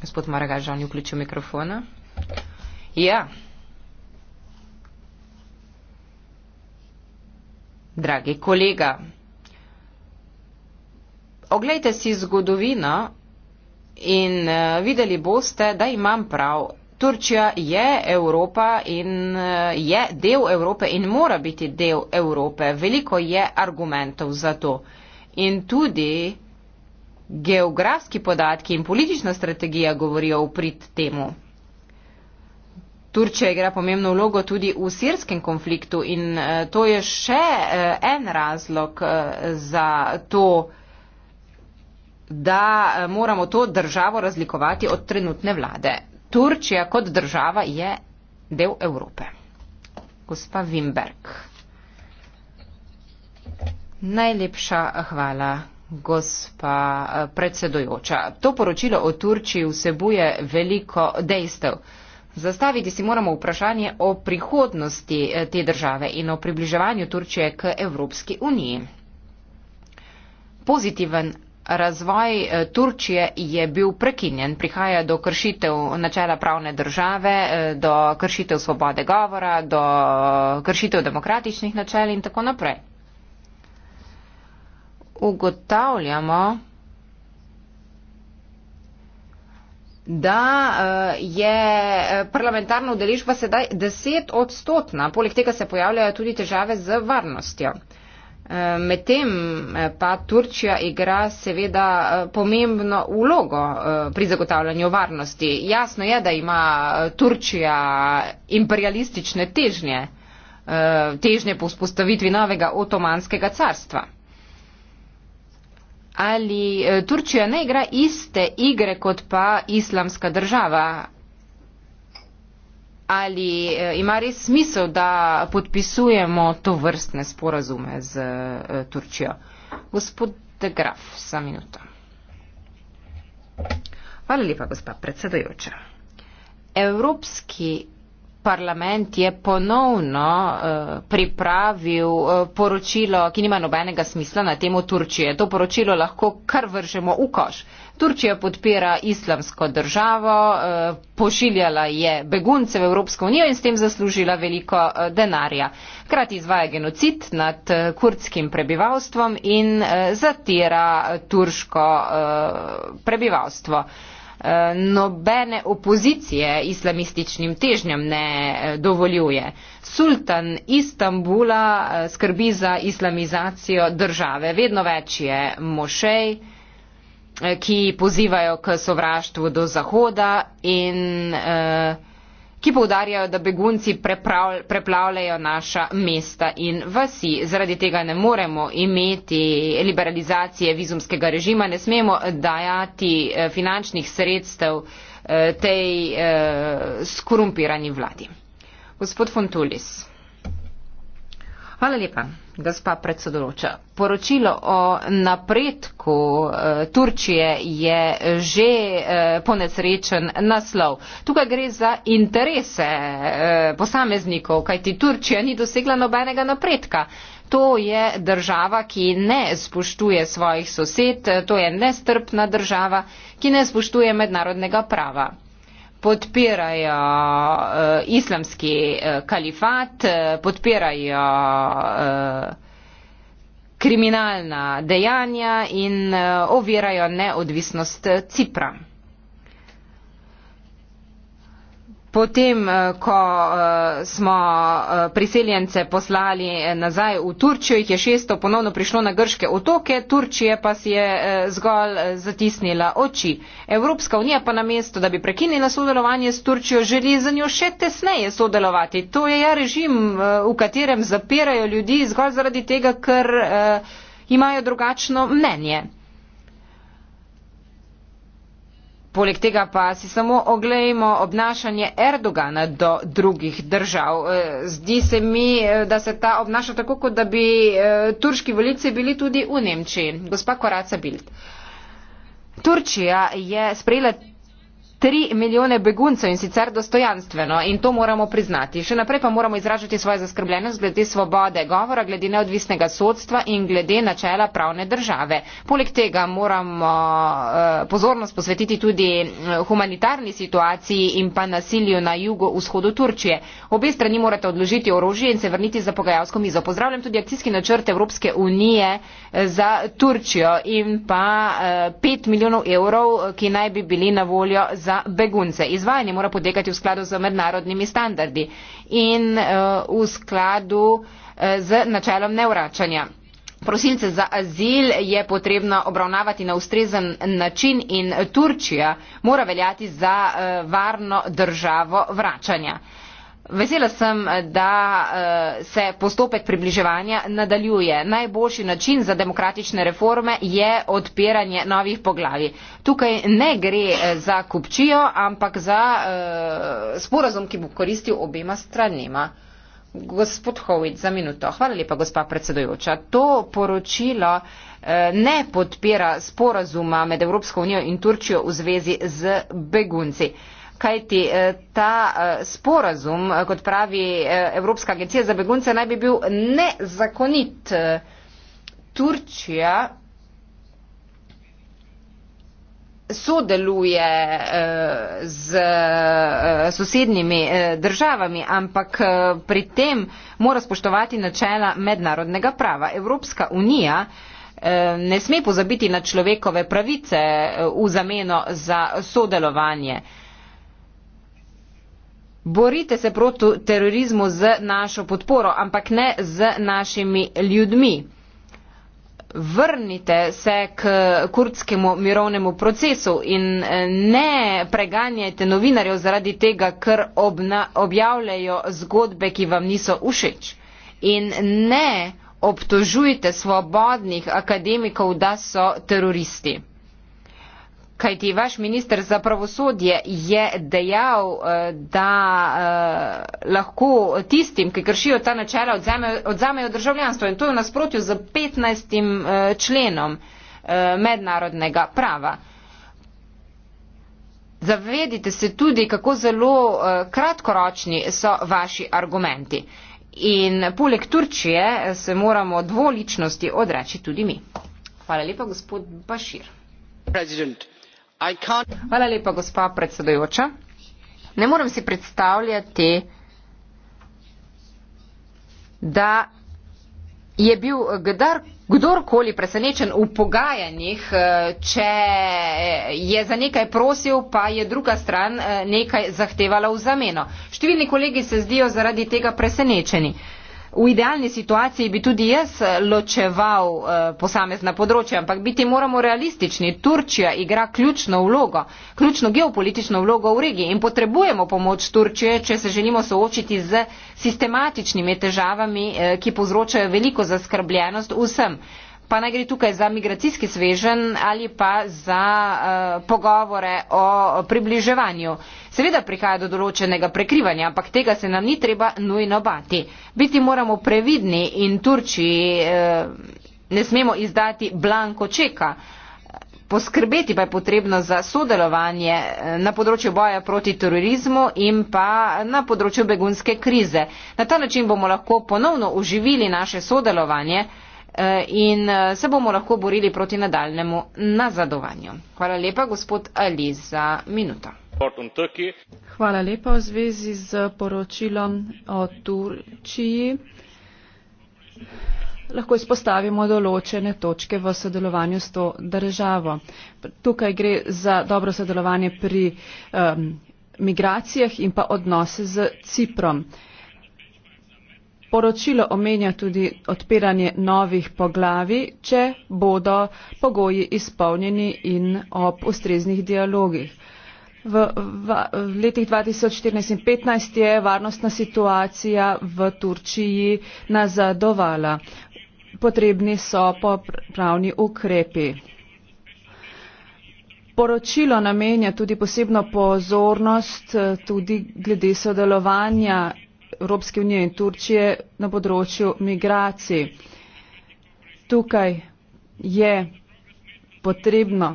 gospod Maragaž, on je vključil mikrofona. Ja. Dragi kolega, oglejte si zgodovino in uh, videli boste, da imam prav. Turčija je Evropa in uh, je del Evrope in mora biti del Evrope. Veliko je argumentov za to. In tudi geografski podatki in politična strategija govorijo v prid temu. Turčija igra pomembno vlogo tudi v sirskem konfliktu in eh, to je še en razlog za to, da eh, moramo to državo razlikovati od trenutne vlade. Turčija kot država je del Evrope. Gospa Wimberg. Najlepša hvala, gospa eh, predsedojoča. To poročilo o Turčiji vsebuje veliko dejstev. Zastaviti si moramo vprašanje o prihodnosti eh, te države in o približevanju Turčije k Evropski uniji. Pozitiven razvoj eh, Turčije je bil prekinjen. Prihaja do kršitev načela pravne države, eh, do kršitev svobode govora, do eh, kršitev demokratičnih načel in tako naprej. Ugotavljamo, da je parlamentarna udeležba sedaj desetodstotna, poleg tega se pojavljajo tudi težave z varnostjo. Medtem eh, pa Turčija igra seveda eh, pomembno vlogo eh, pri zagotavljanju varnosti. Jasno je, da ima Turčija imperialistične težnje, težnje po vzpostavitvi novega otomanskega carstva. Ali Turčija ne igra iste igre kot pa islamska država, ali eh, ima res smisel, da podpisujemo to vrstne sporazume z eh, Turčijo. Gospod De Graf, za minuto. Hvala lepa, gospa predsedojoča. Evropski parlament je ponovno eh, pripravil eh, poročilo, ki nima nobenega smisla na temo Turčije. To poročilo lahko kar vržemo v koš. Turčija podpira islamsko državo, eh, pošiljala je begunce v Evropsko unijo in s tem zaslužila veliko denarja. Hkrati izvaja genocid nad kurdskim prebivalstvom in zatira turško prebivalstvo nobene opozicije islamističnim težnjam ne eh, dovoljuje. Sultan Istanbula eh, skrbi za islamizacijo države. Vedno več je mošej, eh, ki pozivajo k sovraštvu do Zahoda in uh, ki povdarjajo, da begunci preplavljajo naša mesta in vasi. Zaradi tega ne moremo imeti liberalizacije vizumskega režima, ne smemo dajati eh, finančnih sredstev eh, tej eh, skorumpirani vladi. Gospod Fontulis. Hvala lepa gospa predsedujoča. Poročilo o napredku eh, Turčije je že eh, ponesrečen naslov. Tukaj gre za interese eh, posameznikov, kajti Turčija ni dosegla nobenega napredka. To je država, ki ne spoštuje svojih sosed, to je nestrpna država, ki ne spoštuje mednarodnega prava podpirajo uh, islamski uh, kalifat, uh, podpirajo uh, kriminalna dejanja in uh, ovirajo neodvisnost Cipra. Potem, eh, ko eh, smo eh, priseljence poslali nazaj v Turčijo, jih je šesto ponovno prišlo na grške otoke, Turčija pa si je zgolj zatisnila oči. Evropska unija pa na mesto, da bi prekinila sodelovanje s Turčijo, želi za njo še tesneje sodelovati. To je ja režim, v katerem zapirajo ljudi zgolj zaradi tega, ker imajo drugačno mnenje. Poleg tega pa si samo oglejmo obnašanje Erdogana do drugih držav. E, zdi se mi, e, da se ta obnaša tako, kot da bi e, turški volici bili tudi v Nemčiji. Gospa Koraca Bild. Turčija je sprejela tri milijone beguncev in sicer dostojanstveno in to moramo priznati. Še naprej pa moramo izražati svojo zaskrbljenost glede svobode govora, glede neodvisnega sodstva in glede načela pravne države. Poleg tega moramo eh, pozornost posvetiti tudi eh, humanitarni situaciji in pa nasilju na jugo-vzhodu Turčije. Obe strani morate odložiti orožje in se vrniti za pogajalsko mizo. Pozdravljam tudi akcijski načrt Evropske unije eh, za Turčijo in pa 5 milijonov evrov, ki naj bi bili na voljo za za begunce. Izvajanje mora potekati v skladu z mednarodnimi standardi in eh, v skladu eh, z načelom nevračanja. Prosilce za azil je potrebno obravnavati na ustrezen način in Turčija mora veljati za eh, varno državo vračanja. Vesela sem, da eh, se postopek približevanja nadaljuje. Najboljši način za demokratične reforme je odpiranje novih poglavi. Tukaj ne gre eh, za kupčijo, ampak za eh, sporazum, ki bo koristil obima stranima. Gospod Hovic, za minuto. Hvala lepa, gospa predsedujoča. To poročilo ne podpira sporazuma med Evropsko unijo in Turčijo v zvezi z begunci kajti eh, ta eh, sporazum, eh, kot pravi Evropska agencija za begunce, naj bi bil nezakonit. Turčija sodeluje z sosednjimi državami, ampak pri tem mora spoštovati načela mednarodnega prava. Evropska unija ne sme pozabiti na človekove pravice v zameno za sodelovanje borite se proti terorizmu z našo podporo, ampak ne z našimi ljudmi. Vrnite se k kurdskemu mirovnemu procesu in eh, ne preganjajte novinarjev zaradi tega, ker obna, objavljajo zgodbe, ki vam niso všeč. In ne obtožujte svobodnih akademikov, da so teroristi kaj ti vaš minister za pravosodje je dejal, eh, da eh, lahko tistim, ki kršijo ta načela, odzamejo, odzamejo državljanstvo in to je v nasprotju z 15. Eh, členom mednarodnega prava. Zavedite se tudi, kako zelo kratkoročni so vaši argumenti. In poleg Turčije se moramo dvoličnosti odreči tudi mi. Hvala lepa, gospod Bašir. President. Hvala lepa, gospa predsedojoča. Ne morem si predstavljati, da je bil gdar, kdorkoli presenečen v pogajanjih, eh, če eh, je za nekaj prosil, pa je druga stran eh, nekaj zahtevala v zameno. Številni kolegi se zdijo zaradi tega presenečeni. V idealni situaciji bi tudi jaz ločeval eh, posamezna področja, ampak biti moramo realistični. Turčija igra ključno vlogo, ključno geopolitično vlogo v regiji in potrebujemo pomoč Turčije, če se želimo soočiti z sistematičnimi težavami, eh, ki povzročajo veliko zaskrbljenost vsem pa naj gre tukaj za migracijski svežen ali pa za uh, pogovore o približevanju. Seveda prihaja do določenega prekrivanja, ampak tega se nam ni treba nujno bati. Biti moramo previdni in Turčiji uh, ne smemo izdati blanko čeka. Poskrbeti pa je potrebno za sodelovanje eh, na področju boja proti terorizmu in pa na področju begunske krize. Na ta način bomo lahko ponovno oživili naše sodelovanje. Eh, in eh, se bomo lahko borili proti nadaljnemu nazadovanju. Hvala lepa, gospod Ali, za minuto. Hvala lepa v zvezi z poročilom o Turčiji. Lahko izpostavimo določene točke v sodelovanju s to državo. Tukaj gre za dobro sodelovanje pri um, migracijah in pa odnose z Ciprom. Uh, poročilo omenja tudi odpiranje novih poglavi, če bodo pogoji izpolnjeni in ob ustreznih dialogih. V, v, v letih 2014 in 2015 je varnostna situacija v Turčiji nazadovala. Potrebni so popravni ukrepi. Poročilo namenja tudi posebno pozornost eh, tudi glede sodelovanja Evropske unije in Turčije na področju migracij. Tukaj je potrebno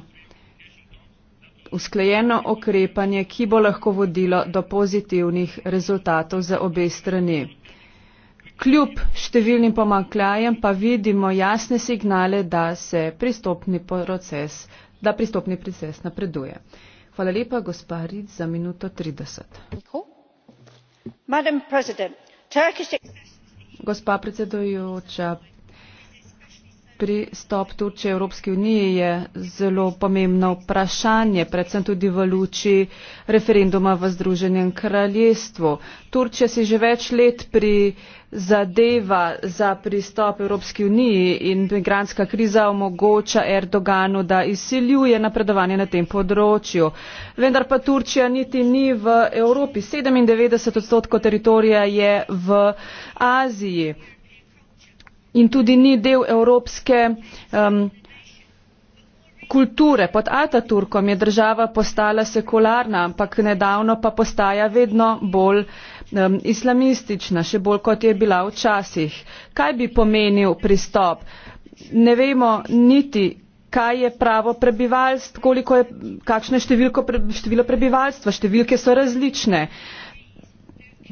usklajeno okrepanje, ki bo lahko vodilo do pozitivnih rezultatov za obe strani. Kljub številnim pomankljajem pa vidimo jasne signale, da se pristopni proces, da pristopni proces napreduje. Hvala lepa, gospa Rid, za minuto 30. Hvala gospa predsedujoča pristop turčije evropski uniji je zelo pomembno vprašanje predvsem tudi v luči referenduma v združenem kraljestvu. turčija si že več let prizadeva za vzpostavitev zadeva za pristop Evropski uniji in migranska kriza omogoča Erdoganu, da izsiljuje napredovanje na tem področju. Vendar pa Turčija niti ni v Evropi. 97 odstotkov teritorija je v Aziji in tudi ni del evropske. Um, Kulture pod Ataturkom je država postala sekularna, ampak nedavno pa postaja vedno bolj um, islamistična, še bolj kot je bila včasih. Kaj bi pomenil pristop? Ne vemo niti, kaj je pravo prebivalstvo, koliko je, kakšno je številko, število prebivalstva, številke so različne.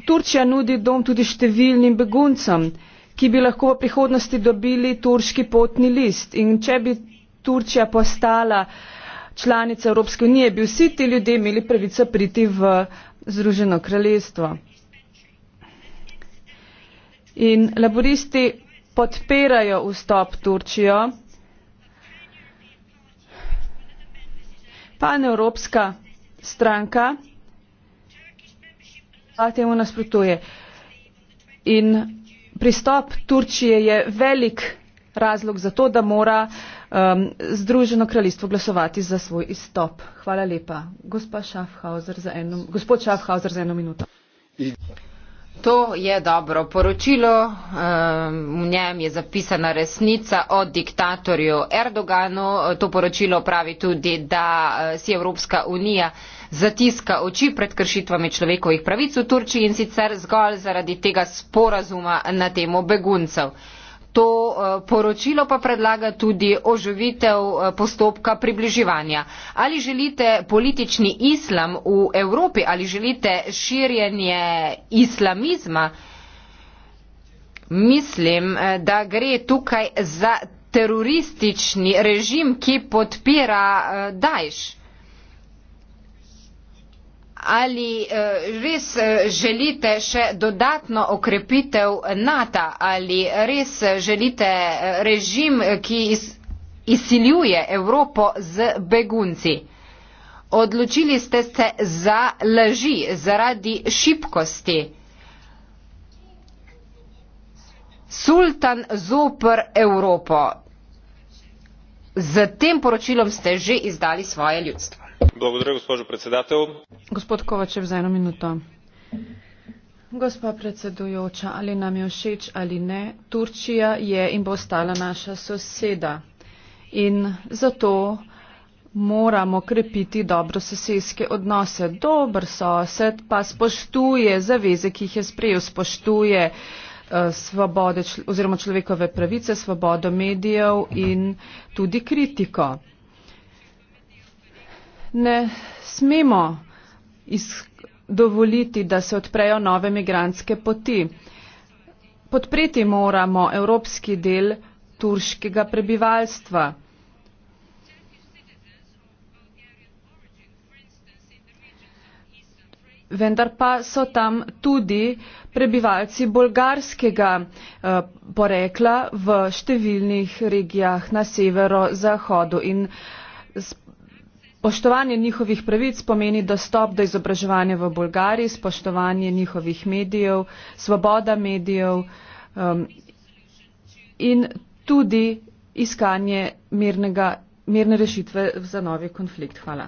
Turčija nudi dom tudi številnim beguncem, ki bi lahko v prihodnosti dobili turški potni list. In če bi Turčija postala članica Evropske unije, bi vsi ti ljudje imeli pravico priti v Združeno kraljestvo in laburisti podpirajo vstop turčijo panevropska stranka pa temu nasprotuje in pristop turčije je velik razlog za to da mora um, združeno kraljestvo glasovati za svoj izstop hvala lepa gospod schaffhauser za eno, gospod schaffhauser za eno minuto in. To je dobro poročilo, ehm, v njem je zapisana resnica o diktatorju Erdoganu. To poročilo pravi tudi, da eh, si Evropska unija zatiska oči pred kršitvami človekovih pravic v Turčiji in sicer zgolj zaradi tega sporazuma na temo beguncev. To eh, poročilo pa predlaga tudi oživitev eh, postopka približevanja. Ali želite politični islam v Evropi, ali želite širjenje islamizma? Mislim, eh, da gre tukaj za teroristični režim, ki podpira Daesh ali eh, res eh, želite še dodatno okrepitev NATO, ali res eh, želite režim, ki izsiljuje Evropo z begunci. Odločili ste se za laži, zaradi šibkosti. Sultan zopr Evropo. Z tem poročilom ste že izdali svoje ljudstvo gospa predsedujoča ali nam je všeč ali ne turčija je in bo ostala naša soseda in zato moramo krepiti dobro sosedske odnose dober sosed pa spoštuje zaveze ki jih je sprejel spoštuje eh, svobode oziroma človekove pravice svobodo medijev in tudi kritiko ne smemo dovoliti, da se odprejo nove migranske poti. Podpreti moramo evropski del turškega prebivalstva. Vendar pa so tam tudi prebivalci bolgarskega eh, porekla v številnih regijah na severo, zahodu in spodnjem. Spoštovanje njihovih pravic pomeni dostop do izobraževanja v Bolgariji, spoštovanje njihovih medijev, svoboda medijev um, in tudi iskanje mirnega, mirne rešitve za novi konflikt. Hvala.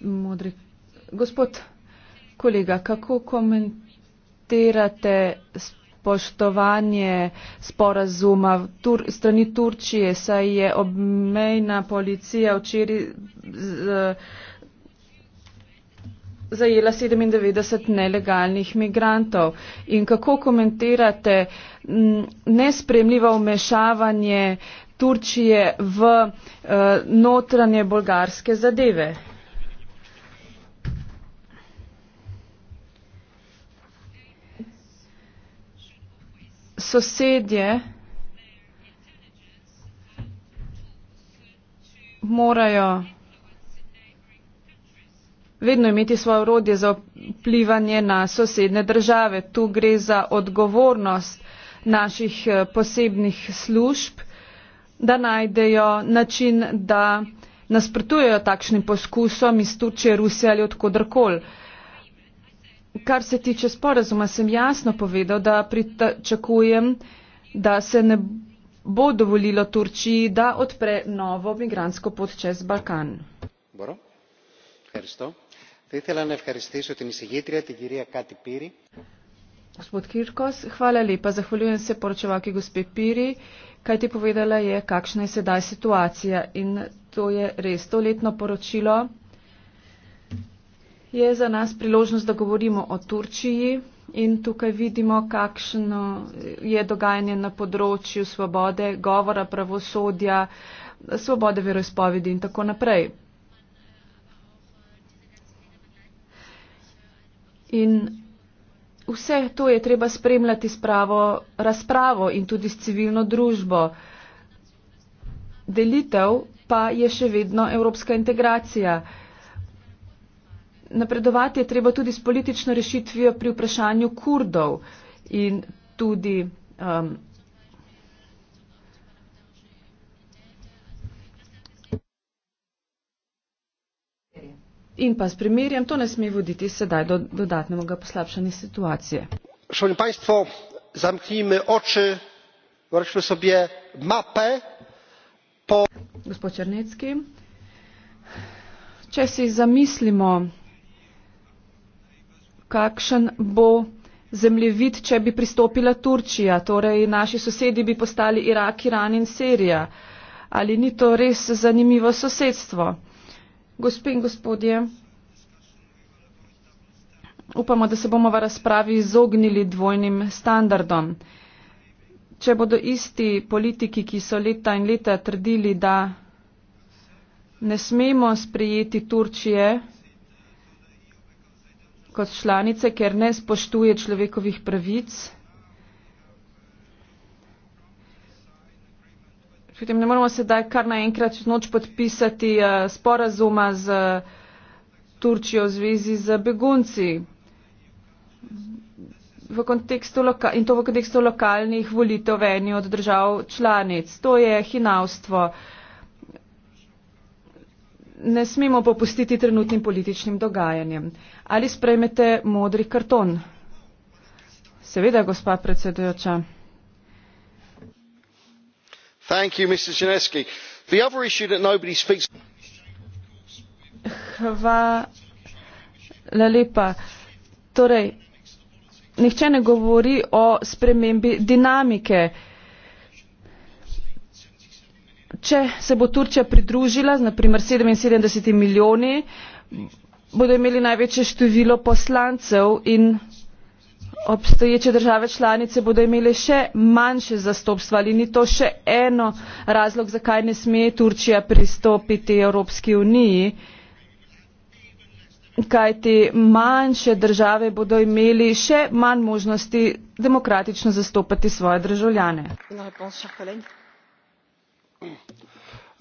Modri. Gospod kolega, kako komentirate spoštovanje? spoštovanje sporazuma tur, strani Turčije, saj je obmejna policija včeraj zajela 97 nelegalnih migrantov. In kako komentirate nespremljivo umešavanje Turčije v eh, notranje bolgarske zadeve? sosedje morajo vedno imeti svoje orodje za vplivanje na sosedne države. Tu gre za odgovornost naših eh, posebnih služb, da najdejo način, da nasprotujejo takšnim poskusom iz Turčije, Rusije ali odkudrkoli. Kar se tiče sporazuma, sem jasno povedal, da pričakujem, da se ne bo dovolilo Turčiji, da odpre novo migransko pot čez Balkan. Gospod Kirkos, hvala lepa. Zahvaljujem se poročevalki gospe Piri, kaj ti povedala je, kakšna je sedaj situacija. In to je res to letno poročilo je za nas priložnost, da govorimo o Turčiji in tukaj vidimo, kakšno je dogajanje na področju svobode, govora, pravosodja, svobode veroizpovedi in tako naprej. In vse to je treba spremljati s pravo razpravo in tudi s civilno družbo. Delitev pa je še vedno evropska integracija napredovati je treba tudi s politično rešitvijo pri vprašanju kurdov in tudi um, In pa s primerjem, to ne sme voditi sedaj do dodatnega poslabšanja situacije. Šolim Państvo, zamknimo oči, vrčimo sobie mape. Po... Gospod Črnecki, če si zamislimo kakšen bo zemljevid, če bi pristopila Turčija, torej naši sosedi bi postali Irak, Iran in Sirija. Ali ni to res zanimivo sosedstvo? Gospe in gospodje, upamo, da se bomo v razpravi izognili dvojnim standardom. Če bodo isti politiki, ki so leta in leta trdili, da ne smemo sprejeti Turčije, kot članice, ker ne spoštuje človekovih pravic. Potem ne moramo sedaj kar naenkrat noč podpisati eh, sporazuma z eh, Turčijo v zvezi z begunci. V in to v kontekstu lokalnih volitev v eni od držav članic. To je hinavstvo. Uh, ne smemo popustiti trenutnim političnim dogajanjem. Ali sprejmete modri karton? Seveda, gospa predsedujoča. Hvala lepa. Torej, nihče ne govori o spremembi dinamike če se bo turčija pridružila z na primer sedeminsedemdeset milijoni bodo imeli največje število poslancev in obstoječe države članice bodo imele še manjše zastopstvo ali ni to še eno razlog zakaj ne sme turčija pristopiti evropski uniji kajti manjše države bodo imeli še manj možnosti demokratično zastopati svoje državljane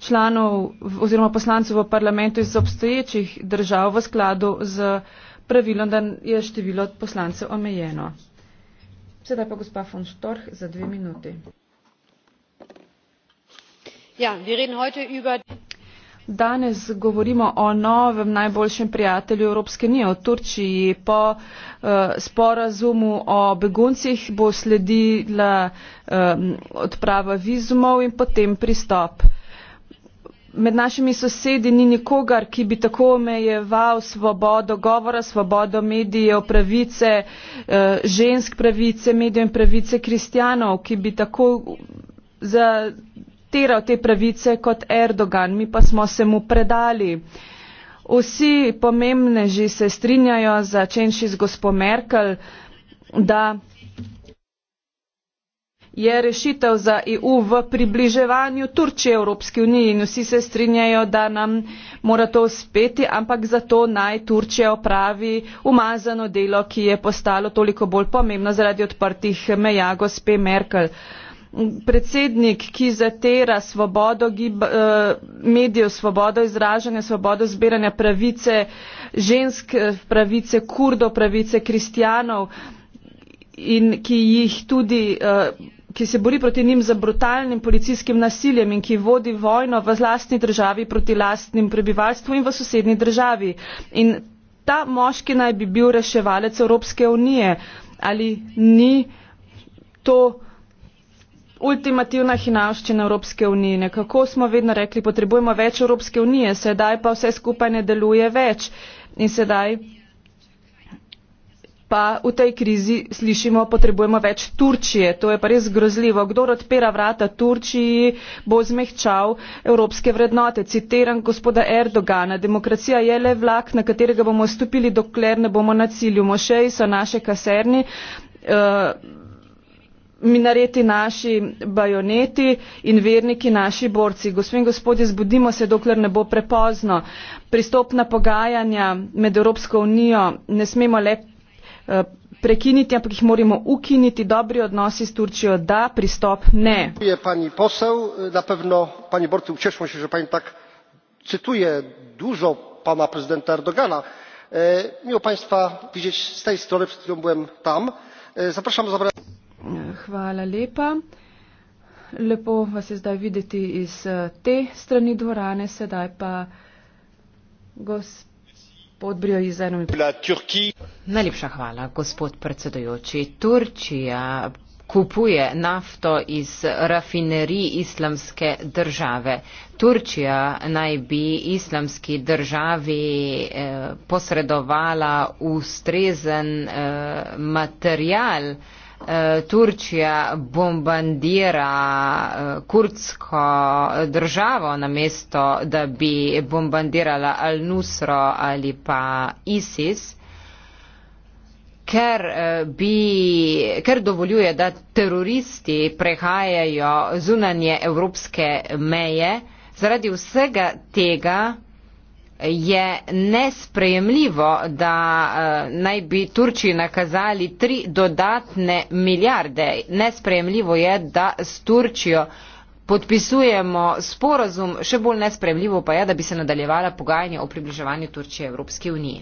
članov oziroma poslancev v parlamentu iz obstoječih držav v skladu z pravilom, da je število poslancev omejeno. Sedaj pa gospa von Storch za dve minuti. Ja, Danes govorimo o novem najboljšem prijatelju Evropske unije, o Turčiji. Po uh, sporazumu o beguncih bo sledila um, odprava vizumov in potem pristop med našimi sosedi ni nikogar, ki bi tako omejeval svobodo govora, svobodo medijev, pravice eh, žensk, pravice medijev in pravice kristjanov, ki bi tako zateral te pravice kot Erdogan. Mi pa smo se mu predali. Vsi pomembneži se strinjajo, začenši z gospo Merkel, da je rešitev za EU v približevanju Turčije Evropski uniji in vsi se strinjajo, da nam mora to uspeti, ampak zato naj Turčija opravi umazano delo, ki je postalo toliko bolj pomembno zaradi odprtih meja gospe Merkel. Predsednik, ki zatera svobodo eh, medijev, svobodo izražanja, svobodo zbiranja pravice žensk, eh, pravice kurdo, pravice kristijanov in ki jih tudi uh, ki se bori proti njim z brutalnim policijskim nasiljem in ki vodi vojno v lastni državi proti lastnim prebivalstvu in v sosednji državi. In ta moški naj bi bil reševalec Evropske unije. Ali ni to ultimativna hinavščina Evropske unije? Nekako smo vedno rekli, potrebujemo več Evropske unije, sedaj pa vse skupaj ne deluje več. In sedaj pa v tej krizi slišimo, potrebujemo več Turčije. To je pa res grozljivo. Kdor odpira vrata Turčiji, bo zmehčal evropske vrednote. Citiram gospoda Erdogana. Demokracija je le vlak, na katerega bomo stopili, dokler ne bomo na cilju. Mošeji so naše kaserni. Uh, minareti naši bajoneti in verniki naši borci. Gospod in gospodje, zbudimo se, dokler ne bo prepozno. Pristopna pogajanja med Evropsko unijo ne smemo le Eh, prekiniti ampak jih moramo ukiniti dobri odnosi s turčijo da pristop ne. gratuluję pani poseł eh, na pewno pani borzan ucieszą się że pani tak cytuje dużo pana prezydenta erdogana. E, miło państwa widzieć z tej strony przed chwilą byłem tam. E, zapraszam za. hvala lepa lepo vas je zdaj videti iz eh, te strani dvorane sedaj pa gospod. Najlepša hvala, gospod predsedujoči. Turčija kupuje nafto iz rafinerij islamske države. Turčija naj bi islamski državi eh, posredovala ustrezen eh, material, Eh, Turčija bombardira eh, kurdsko državo na mesto, da bi bombardirala Al-Nusro ali pa ISIS, ker, eh, bi, ker dovoljuje, da teroristi prehajajo zunanje evropske meje. Zaradi vsega tega je nesprejemljivo, da eh, naj bi Turčiji nakazali tri dodatne milijarde. Nesprejemljivo je, da s Turčijo podpisujemo sporozum, še bolj nesprejemljivo pa je, da bi se nadaljevala pogajanja o približevanju Turčije Evropske unije.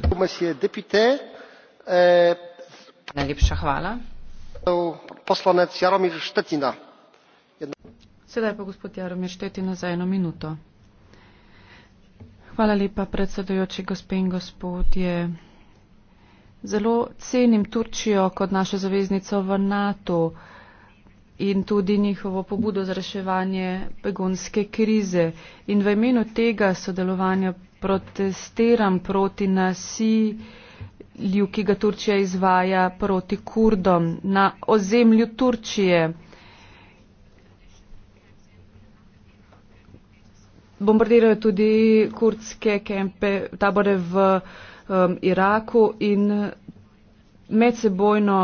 Najlepša hvala. Sedaj pa gospod Jaromir Štetina za eno minuto. Hvala lepa, predsedujoči gospe in gospodje. Zelo cenim Turčijo kot našo zaveznico v NATO in tudi njihovo pobudo za reševanje begonske krize. In v imenu tega sodelovanja protestiram proti nasilju, ki ga Turčija izvaja proti Kurdom na ozemlju Turčije. bombardirajo tudi kurdske kempe, tabore v um, Iraku in medsebojno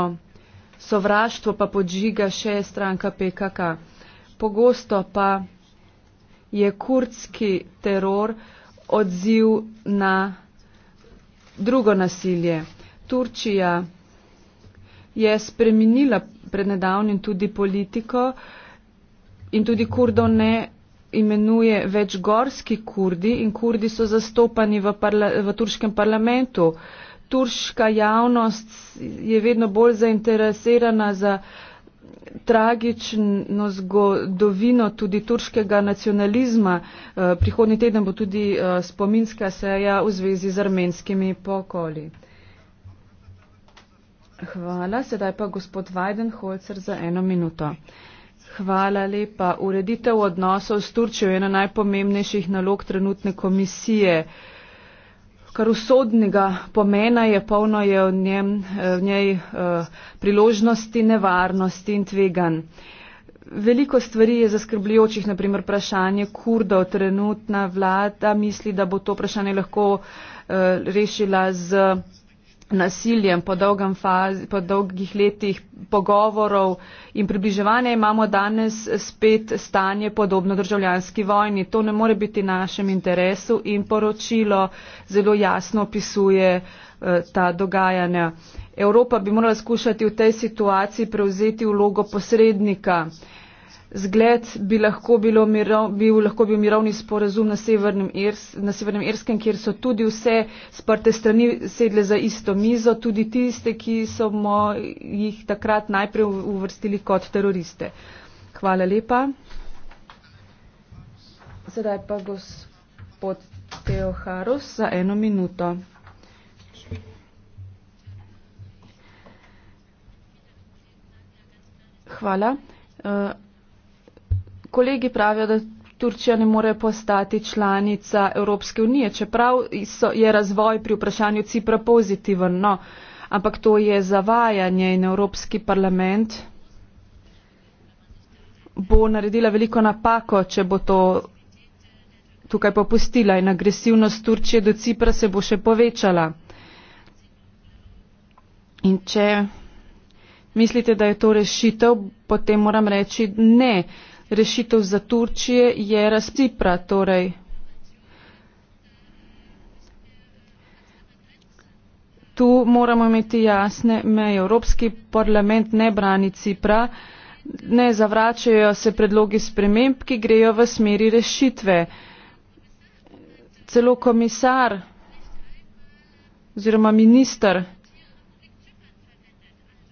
sovraštvo pa podžiga še stranka PKK. Pogosto pa je kurdski teror odziv na drugo nasilje. Turčija je spremenila prednedavnim tudi politiko in tudi kurdov ne imenuje večgorski kurdi in kurdi so zastopani v, parla, v turškem parlamentu. Turška javnost je vedno bolj zainteresirana za tragično zgodovino tudi turškega nacionalizma. Eh, prihodnji teden bo tudi eh, spominska seja v zvezi z armenskimi pokoli. Hvala. Sedaj pa gospod Vajdenholzer za eno minuto. Hvala lepa. Ureditev odnosov s Turčjo je ena najpomembnejših nalog trenutne komisije. Kar usodnega pomena je polno je v, njem, eh, v njej eh, priložnosti, nevarnosti in tvegan. Veliko stvari je zaskrbljujočih, naprimer vprašanje kurdov. Trenutna vlada misli, da bo to vprašanje lahko eh, rešila z nasiljem, po, fazi, po dolgih letih pogovorov in približevanja imamo danes spet stanje podobno državljanski vojni. To ne more biti našem interesu in poročilo zelo jasno opisuje eh, ta dogajanja. Evropa bi morala skušati v tej situaciji prevzeti vlogo posrednika zgled bi lahko, bilo, bil, lahko bil mirovni sporazum na Severnem, Irs, na Severnem Irskem, kjer so tudi vse sprte strani sedle za isto mizo, tudi tiste, ki smo jih takrat najprej uvrstili kot teroriste. Hvala lepa. Sedaj pa gospod Teo Harus za eno minuto. Hvala. Uh, kolegi pravijo, da Turčija ne more postati članica Evropske unije, čeprav so, je razvoj pri vprašanju Cipra pozitiven. No, ampak to je zavajanje in Evropski parlament bo naredila veliko napako, če bo to tukaj popustila in agresivnost Turčije do Cipra se bo še povečala. In če mislite, da je to rešitev, potem moram reči ne rešitev za Turčije je razcipra, torej. Tu moramo imeti jasne meje. Evropski parlament ne brani Cipra, ne zavračajo se predlogi sprememb, ki grejo v smeri rešitve. Celo komisar oziroma minister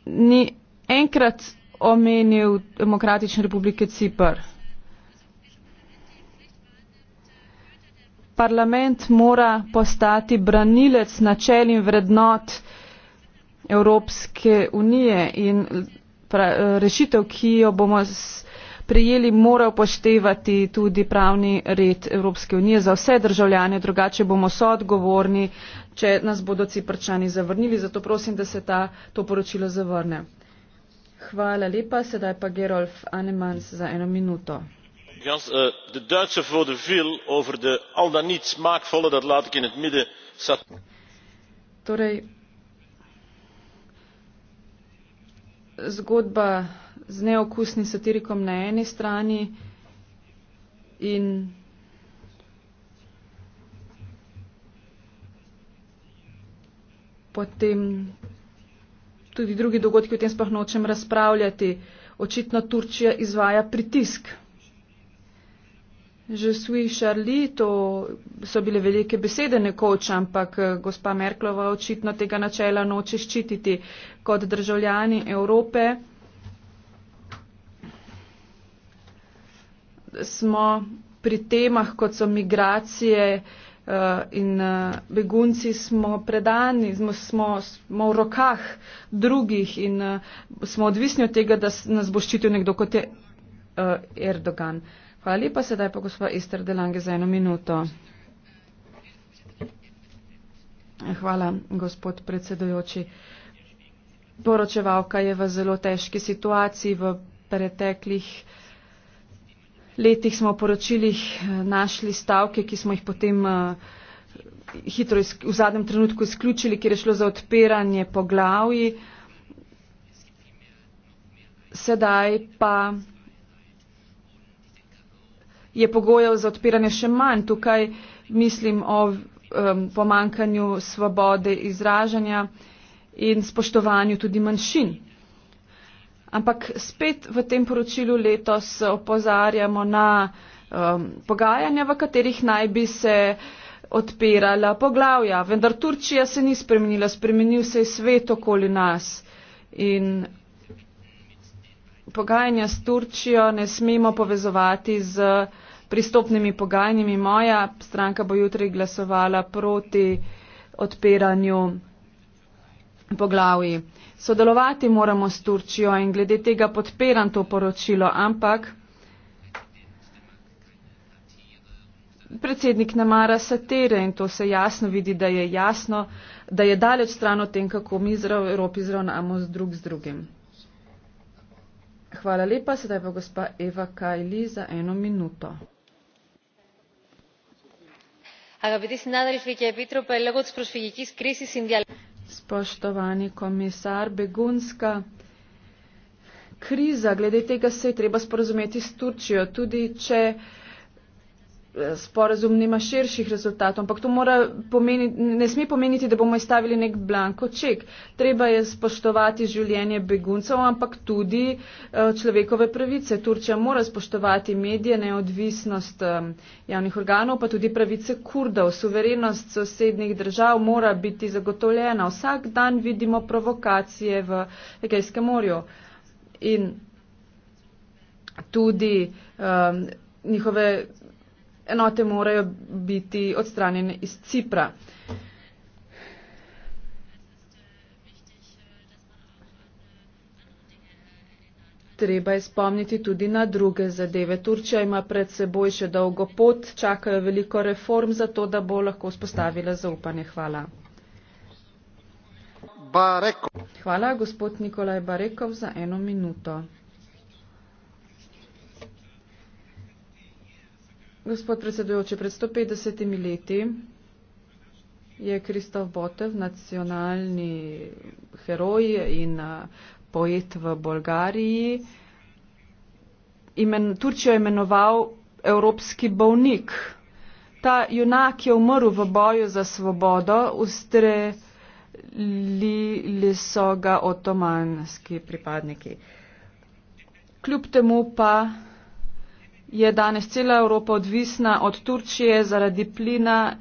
ni enkrat omenil Demokratične republike Cipr. Parlament mora postati branilec načel in vrednot Evropske unije in rešitev, ki jo bomo prijeli, mora upoštevati tudi pravni red Evropske unije za vse državljane, drugače bomo soodgovorni, če nas bodo ciprčani zavrnili. Zato prosim, da se ta, to poročilo zavrne. Hvala lepa, sedaj pa Gerolf Anemans za eno minuto. Jaz, eh, de Duitse vode vil over de al dan niet smaakvolle, dat laat ik in het midden zat. Torej, zgodba z neokusnim satirikom na eni strani in potem tudi drugi dogodki, o tem sploh nočem razpravljati. Očitno Turčija izvaja pritisk. Že sui Charlie, to so bile velike besede nekoč, ampak eh, gospa Merklova očitno tega načela noče ščititi kot državljani Evrope. Smo pri temah, kot so migracije, eh, Eh, in eh, begunci smo predani, smo, smo, smo v rokah drugih in eh, smo odvisni od tega, da nas bo ščitil nekdo kot je Erdogan. Hvala lepa, sedaj pa gospod Ester Delange za eno minuto. Hvala, gospod predsedujoči. Poročevalka je v zelo težki situaciji v preteklih letih smo v poročilih eh, našli stavke, ki smo jih potem eh, hitro v zadnjem trenutku izključili, kjer je šlo za odpiranje poglavji. Sedaj pa je pogojev za odpiranje še manj. Tukaj mislim o um, pomankanju svobode izražanja in spoštovanju tudi manjšin. Ampak spet v tem poročilu letos opozarjamo na um, pogajanja, v katerih naj bi se odpirala poglavja. Vendar Turčija se ni spremenila, spremenil se je svet okoli nas. In pogajanja s Turčijo ne smemo povezovati z pristopnimi pogajanjami. Moja stranka bo jutri glasovala proti odpiranju poglavji. Sodelovati moramo s Turčijo in glede tega podpiram to poročilo, ampak predsednik ne mara satire in to se jasno vidi, da je jasno, da je daleč stran o tem, kako mi v Evropi zravnamo z drug z drugim. Hvala lepa, sedaj pa gospa Eva Kajli za eno minuto. Agapetis Nadarišvik je Petro Pelagot sprošvidikis, krisis in dialog. Spoštovani komisar Begunska, kriza glede tega se je treba sporozumeti s Turčijo, tudi če sporazum nima širših rezultatov, ampak to mora pomeniti, ne sme pomeniti, da bomo izstavili nek blanko ček. Treba je spoštovati življenje beguncev, ampak tudi eh, človekove pravice. Turčija mora spoštovati medije, neodvisnost eh, javnih organov, pa tudi pravice kurdov. Suverenost sosednjih držav mora biti zagotovljena. Vsak dan vidimo provokacije v Egejskem morju. In tudi um, njihove enote morajo biti odstranjene iz Cipra. Treba je spomniti tudi na druge zadeve. Turčija ima pred seboj še dolgo pot, čakajo veliko reform za to, da bo lahko spostavila zaupanje. Hvala. Bareko. Hvala, gospod Nikolaj Barekov, za eno minuto. Gospod predsedujoči, pred 150 leti je Kristof Botev, nacionalni heroj in poet v Bolgariji, imen, Turčijo imenoval evropski bolnik. Ta junak je umrl v boju za svobodo, ustrelili so ga otomanski pripadniki. Kljub temu pa je danes cela Evropa odvisna od Turčije zaradi plina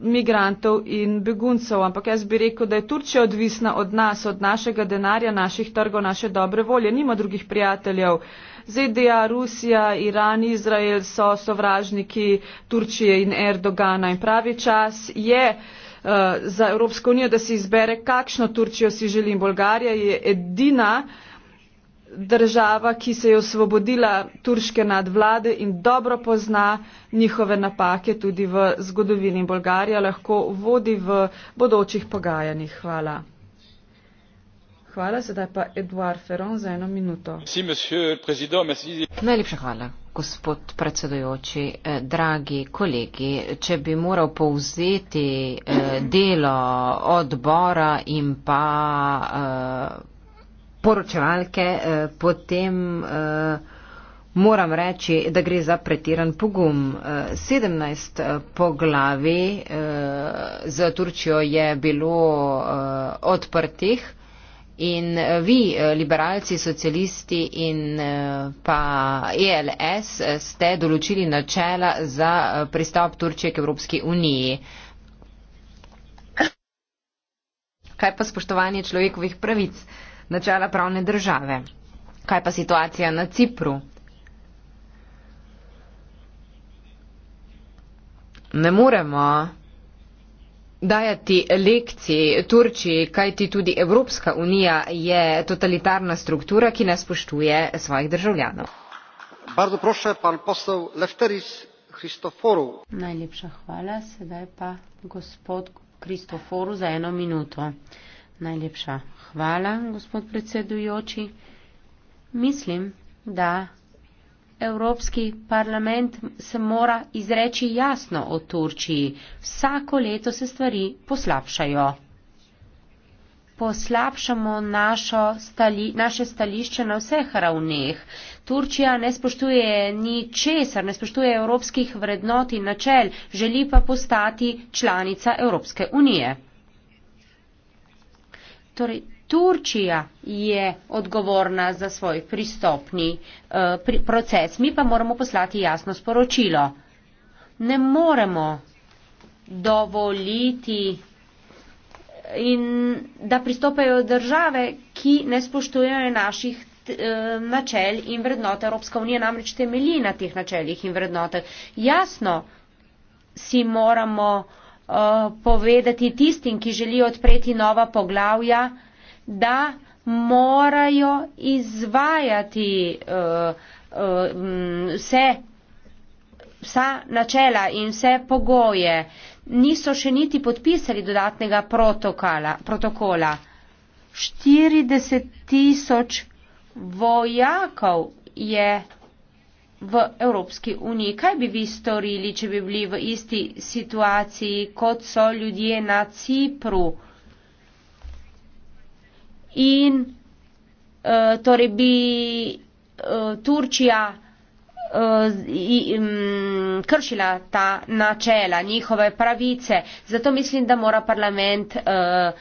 migrantov in beguncev. Ampak jaz bi rekel, da je Turčija odvisna od nas, od našega denarja, naših trgov, naše dobre volje. Nima drugih prijateljev. ZDA, Rusija, Iran, Izrael so sovražniki Turčije in Erdogana. In pravi čas je uh, za Evropsko unijo, da si izbere, kakšno Turčijo si želi. Bolgarija je edina uh, država, ki se je osvobodila turške nadvlade in dobro pozna njihove napake tudi v zgodovini Bolgarija, lahko vodi v bodočih pogajanjih. Hvala. Hvala, sedaj pa Eduard Ferron za eno minuto. Najlepša hvala, gospod predsedujoči. Eh, dragi kolegi, če bi moral povzeti eh, delo odbora in pa eh, poročevalke, eh, potem eh, moram reči, da gre za pretiran pogum. 17 eh, poglavi za Turčijo je bilo odprtih in vi, liberalci, socialisti in pa ELS, ste določili načela za pristop Turčije k Evropski uniji. Kaj pa spoštovanje človekovih pravic? Uh, načela pravne države. Kaj pa situacija na Cipru? Ne moremo dajati lekcij Turčiji, kajti tudi Evropska unija je totalitarna struktura, ki ne spoštuje svojih državljanov. Prošle, Najlepša hvala, sedaj pa gospod Kristoforu za eno minuto. Najlepša Hvala, gospod predsedujoči. Mislim, da Evropski parlament se mora izreči jasno o Turčiji. Vsako leto se stvari poslabšajo. Poslabšamo našo stali, naše stališče na vseh ravneh. Turčija ne spoštuje ni česar, ne spoštuje evropskih vrednot in načel, želi pa postati članica Evropske unije. Torej, Turčija je odgovorna za svoj pristopni eh, pri, proces. Mi pa moramo poslati jasno sporočilo. Ne moremo dovoliti, eh, in, da pristopajo države, ki ne spoštujejo naših eh, načel in vrednot. Evropska unija namreč temelji na teh načeljih in vrednotah. Jasno si moramo uh, povedati tistim, ki želijo odpreti nova poglavja, uh, da morajo izvajati uh, uh, vse, vsa načela in vse pogoje. Niso še niti podpisali dodatnega protokola. 40 tisoč vojakov je v Evropski uniji. Kaj bi vi storili, če bi bili v isti situaciji, kot so ljudje na Cipru? in uh, torej bi uh, Turčija uh, um, kršila ta načela, njihove pravice. Zato mislim, da mora parlament uh,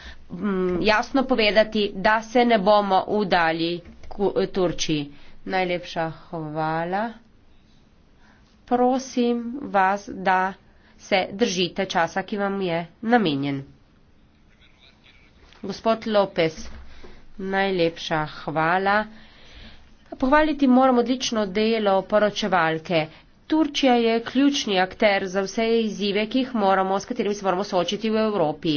jasno povedati, da se ne bomo udali Turčiji. Najlepša hvala. Prosim vas, da se držite časa, ki vam je namenjen. Gospod Lopez najlepša hvala. Pohvaliti moram odlično delo poročevalke Turčija je ključni akter za vse izzive, ki jih moramo, s katerimi se moramo soočiti v Evropi.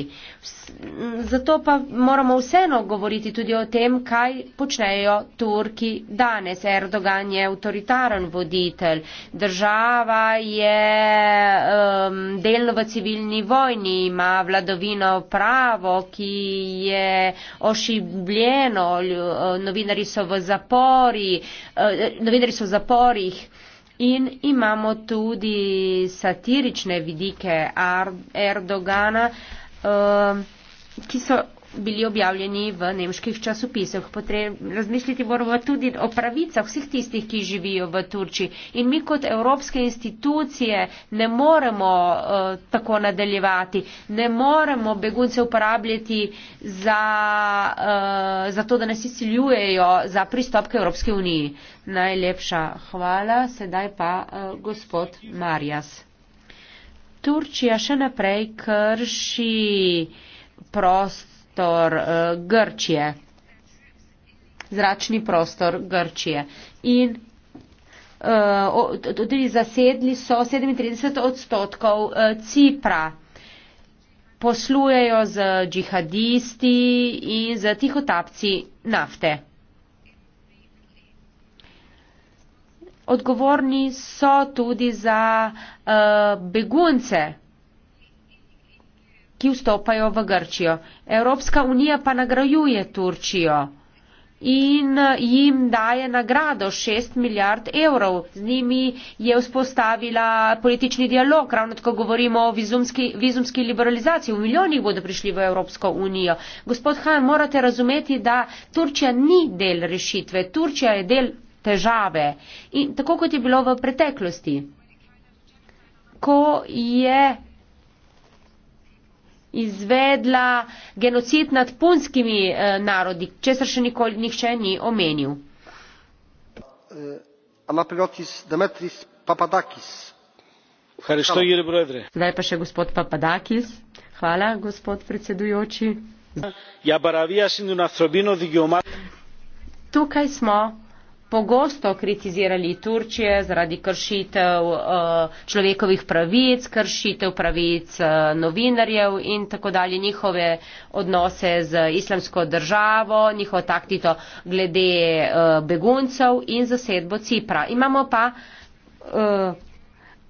Zato pa moramo vseeno govoriti tudi o tem, kaj počnejo Turki danes. Erdogan je avtoritaren voditelj, država je um, delno v civilni vojni, ima vladovino pravo, ki je ošibljeno, novinari uh, so v zaporih. Uh, in imamo tudi satirične vidike Erdogana, eh, ki so bili objavljeni v nemških časopisih. Razmišljati moramo tudi o pravicah vseh tistih, ki živijo v Turčiji. In mi kot evropske institucije ne moremo uh, tako nadaljevati. Ne moremo begunce uporabljati za, uh, za to, da nas izsiljujejo za pristop k Evropski uniji. Najlepša hvala. Sedaj pa uh, gospod Marjas. Turčija še naprej krši prost prostor eh, Grčije. Zračni prostor Grčije. In eh, tudi zasedli so 37 odstotkov eh, Cipra. Poslujejo z džihadisti in z tihotapci nafte. Odgovorni so tudi za uh, begunce, ki vstopajo v Grčijo. Evropska unija pa nagrajuje Turčijo in eh, jim daje nagrado 6 milijard evrov. Z njimi je vzpostavila politični dialog, ravno tako govorimo o vizumski, vizumski liberalizaciji. V milijonih bodo prišli v Evropsko unijo. Gospod Han, morate razumeti, da Turčija ni del rešitve, Turčija je del težave. In tako kot je bilo v preteklosti, ko je izvedla genocid nad punskimi eh, narodi, česar še nikoli nihče ni omenil. Eh, Zdaj pa še gospod Papadakis. Hvala, gospod predsedujoči. Ja, Tukaj smo pogosto kritizirali Turčije zaradi kršitev eh, človekovih pravic, kršitev pravic eh, novinarjev in tako dalje, njihove odnose z islamsko državo, njihovo taktito glede eh, beguncev in zasedbo Cipra. Imamo pa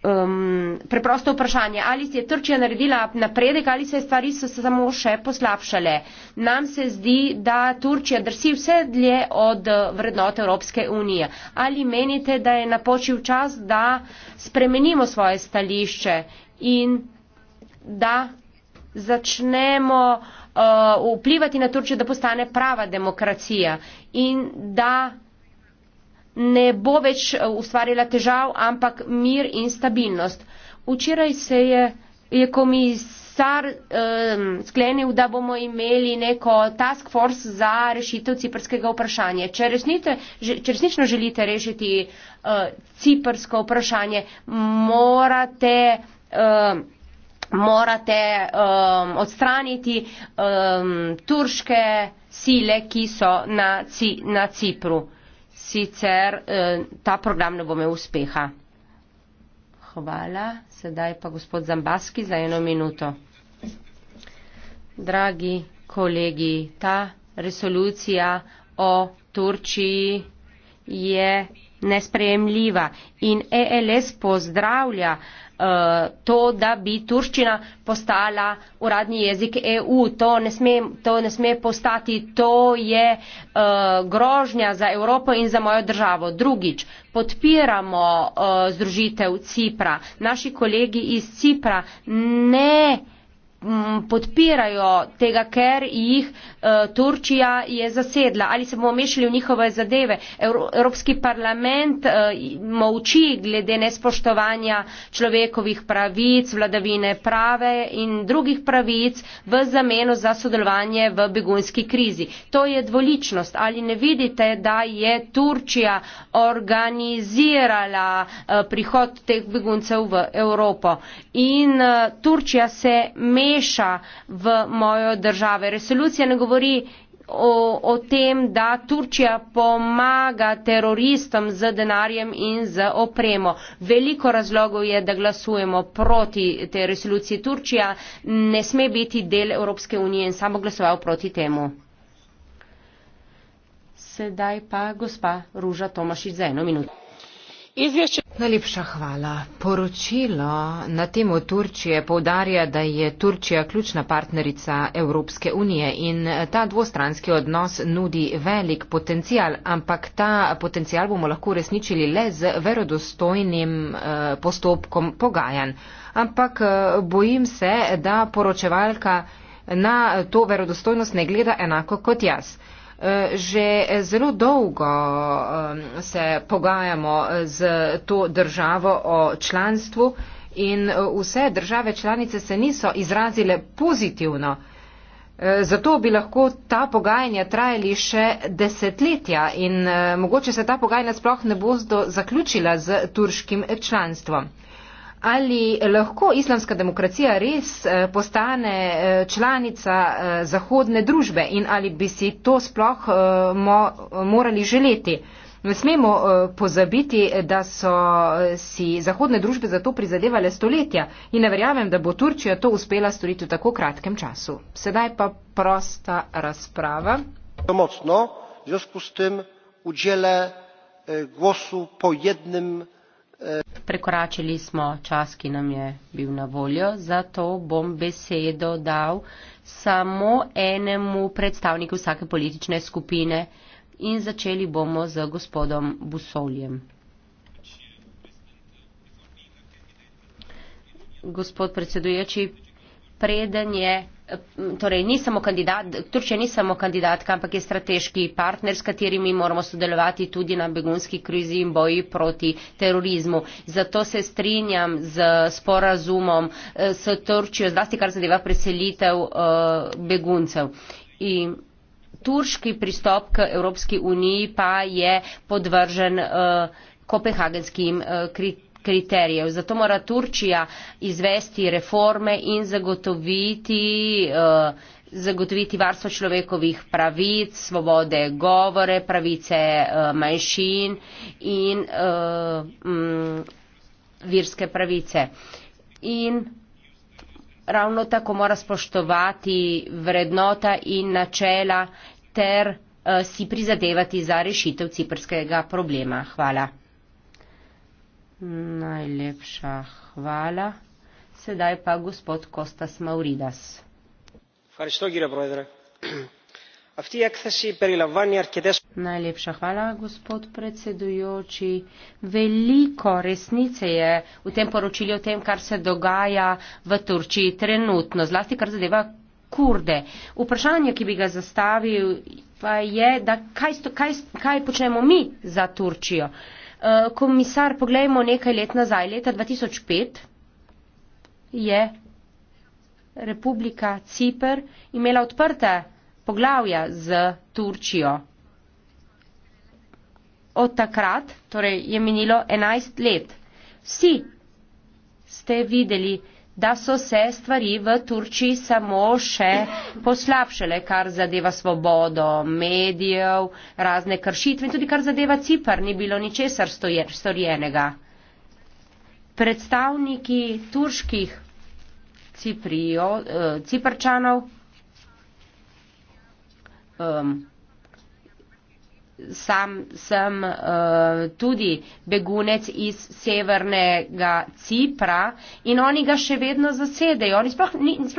um, preprosto vprašanje, ali se je Trčija naredila napredek ali se stvari so se samo še poslabšale. Nam se zdi, da Turčija drsi vse dlje od uh, vrednot Evropske unije. Ali menite, da je napočil čas, da spremenimo svoje stališče in da začnemo uh, vplivati na Turčijo, da postane prava demokracija in da ne bo več eh, ustvarila težav, ampak mir in stabilnost. Včeraj se je, je komisar um, sklenil, da bomo imeli neko task force za rešitev ciprskega vprašanja. Če, resnite, že, če resnično želite rešiti uh, ciprsko vprašanje, morate. Um, morate um, odstraniti um, turške sile, ki so na, ci, na Cipru sicer eh, ta program ne bo imel uspeha. Hvala. Sedaj pa gospod Zambaski za eno minuto. Dragi kolegi, ta resolucija o Turčiji je nesprejemljiva in ELS pozdravlja uh, to, da bi turščina postala uradni jezik EU. To ne sme, to ne sme postati, to je uh, grožnja za Evropo in za mojo državo. Drugič, podpiramo uh, združitev Cipra. Naši kolegi iz Cipra ne podpirajo tega, ker jih Eh, Turčija je zasedla ali se bomo mešali v njihove zadeve. Evropski parlament eh, mouči glede nespoštovanja človekovih pravic, vladavine prave in drugih pravic v zameno za sodelovanje v begunski krizi. To je dvoličnost. Ali ne vidite, da je Turčija organizirala eh, prihod teh beguncev v Evropo? In Turčija se meša v mojo državo. Resolucija ne govori govori o, o tem, da Turčija pomaga teroristom z denarjem in z opremo. Veliko razlogov je, da glasujemo proti tej resoluciji. Turčija ne sme biti del Evropske unije in samo glasoval proti temu. Sedaj pa gospa Ruža Tomašič za eno minuto. Izvješće... Najlepša hvala. Poročilo na temo Turčije povdarja, da je Turčija ključna partnerica Evropske unije in ta dvostranski odnos nudi velik potencial, ampak ta potencial bomo lahko resničili le z verodostojnim eh, postopkom pogajanj. Ampak eh, bojim se, da poročevalka na to verodostojnost ne gleda enako kot jaz. Že zelo dolgo um, se pogajamo z to državo o članstvu in uh, vse države članice se niso izrazile pozitivno. Uh, zato bi lahko ta pogajanja trajali še desetletja in uh, mogoče se ta pogajanja sploh ne bo zaključila z turškim članstvom. Ali lahko islamska demokracija res eh, postane eh, članica eh, zahodne družbe in ali bi si to sploh mo morali želeti? Ne smemo pozabiti, da so si zahodne družbe za to prizadevale stoletja in ne verjamem, da bo Turčija to uspela storiti v tako kratkem času. Sedaj pa prosta razprava. Močno, Prekoračili smo čas, ki nam je bil na voljo, zato bom besedo dal samo enemu predstavniku vsake politične skupine in začeli bomo z gospodom Busoljem. Gospod predsedujoči, preden je torej ni samo kandidat, Turčija ni samo kandidatka, ampak je strateški partner, s katerimi moramo sodelovati tudi na begunski krizi in boji proti terorizmu. Zato se strinjam z sporazumom eh, s Turčijo, zlasti kar zadeva preselitev eh, beguncev. In turški pristop k Evropski uniji pa je podvržen eh, kopenhagenskim kritikom kriterijev. Zato mora Turčija izvesti reforme in zagotoviti, uh, zagotoviti varstvo človekovih pravic, svobode govore, pravice uh, manjšin in uh, mm, virske pravice. In ravno tako mora spoštovati vrednota in načela ter uh, si prizadevati za rešitev ciprskega problema. Hvala. Najlepša hvala. Sedaj pa gospod Kostas Mauridas. Najlepša hvala, gospod predsedujoči. Veliko resnice je v tem poročilju o tem, kar se dogaja v Turčiji trenutno, zlasti kar zadeva kurde. Vprašanje, ki bi ga zastavil, pa je, da kaj, sto, kaj, kaj počnemo mi za Turčijo. Uh, Eh, komisar, poglejmo nekaj let nazaj. Leta 2005 je Republika Cipr imela odprte poglavja z Turčijo. Od takrat, torej je minilo 11 let. Vsi ste videli, da so se stvari v Turčiji samo še poslabšale, kar zadeva svobodo medijev, razne kršitve in tudi kar zadeva Cipar, ni bilo ničesar storjenega. Predstavniki turških ciprijo, eh, ciprčanov um, sam sem uh, tudi begunec iz severnega Cipra in oni ga še vedno zasedejo. Oni sploh,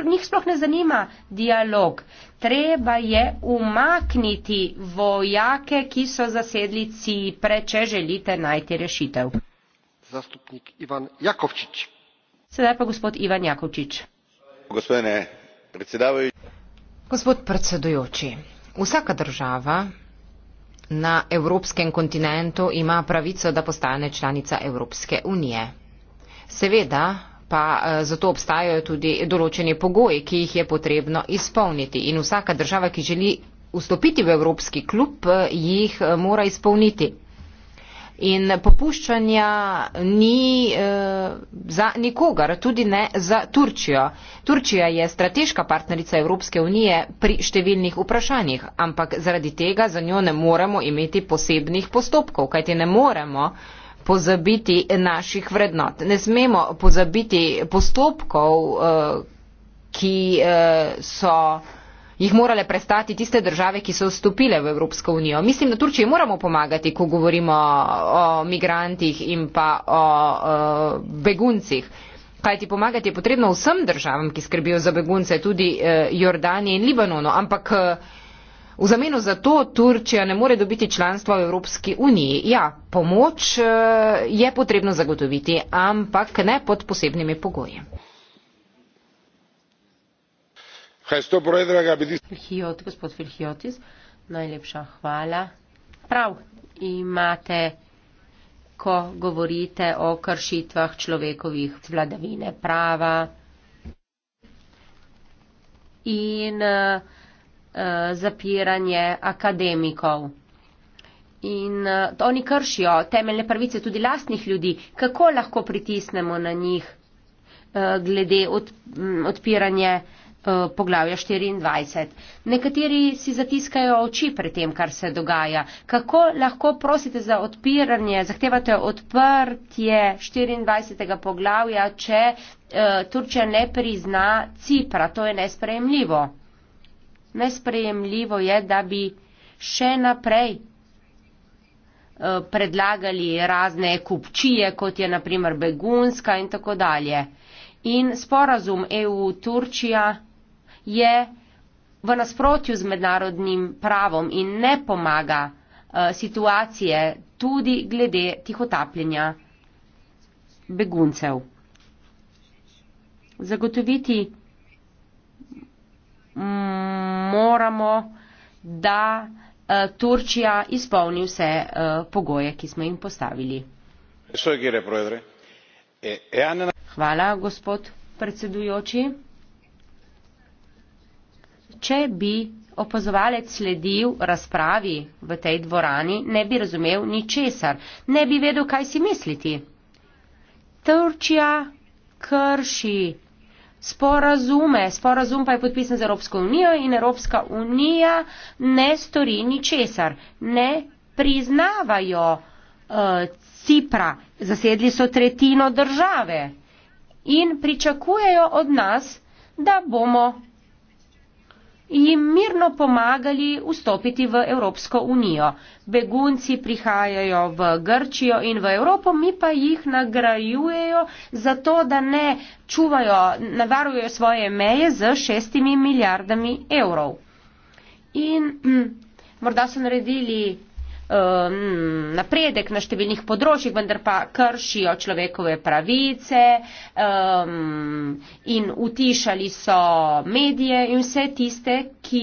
njih sploh ne zanima dialog. Treba je umakniti vojake, ki so zasedli Cipre, če želite najti rešitev. Zastupnik Ivan Jakovčič. Sedaj pa gospod Ivan Jakovčič. Gospodine predsedavajući. Gospod predsedujoči. Vsaka država na evropskem kontinentu ima pravico, da postane članica Evropske unije. Seveda pa eh, zato obstajajo tudi določeni pogoji, ki jih je potrebno izpolniti in vsaka država, ki želi vstopiti v Evropski klub, eh, jih eh, mora izpolniti in popuščanja ni eh, za nikogar, tudi ne za Turčijo. Turčija je strateška partnerica Evropske unije pri številnih vprašanjih, ampak zaradi tega za njo ne moremo imeti posebnih postopkov, kajti ne moremo pozabiti naših vrednot. Ne smemo pozabiti postopkov, eh, ki eh, so jih morale prestati tiste države, ki so vstopile v Evropsko unijo. Mislim, da Turčiji moramo pomagati, ko govorimo o migrantih in pa o, o beguncih. Kaj ti pomagati je potrebno vsem državam, ki skrbijo za begunce, tudi eh, Jordanije in Libanonu. Ampak e, v zameno za to Turčija ne more dobiti članstva v Evropski uniji. Ja, pomoč eh, je potrebno zagotoviti, ampak ne pod posebnimi pogoji. Kaj sto povedal, da bi ti? Gospod Filhiotis, najlepša hvala. Prav imate, ko govorite o kršitvah človekovih vladavine prava. In uh, zapiranje akademikov. In uh, oni kršijo temeljne pravice tudi lastnih ljudi. Kako lahko pritisnemo na njih uh, glede od, odpiranja uh, Eh, poglavja 24. Nekateri si zatiskajo oči pred tem, kar se dogaja. Kako lahko prosite za odpiranje, zahtevate odprtje 24. poglavja, če uh, Turčija ne prizna Cipra? To je nesprejemljivo. Nesprejemljivo je, da bi še naprej eh, predlagali razne kupčije, kot je naprimer Begunska in tako dalje. In sporazum EU-Turčija je v nasprotju z mednarodnim pravom in ne pomaga eh, situacije tudi glede tihotapljenja beguncev. Zagotoviti moramo, da eh, Turčija izpolni vse eh, pogoje, ki smo jim postavili. Hvala, gospod predsedujoči če bi opazovalec sledil razpravi v tej dvorani, ne bi razumel ničesar, ne bi vedel, kaj si misliti. Turčija krši sporazume, sporazum pa je podpisan z Evropsko unijo in Evropska unija ne stori ničesar, ne priznavajo uh, Cipra, zasedli so tretjino države in pričakujejo od nas, da bomo in jim mirno pomagali vstopiti v Evropsko unijo. Begunci prihajajo v Grčijo in v Evropo, mi pa jih nagrajujejo za to, da ne čuvajo, ne varujejo svoje meje z šestimi milijardami evrov. In hm, morda so naredili Um, napredek na številnih področjih, vendar pa kršijo človekove pravice um, in utišali so medije in vse tiste, ki,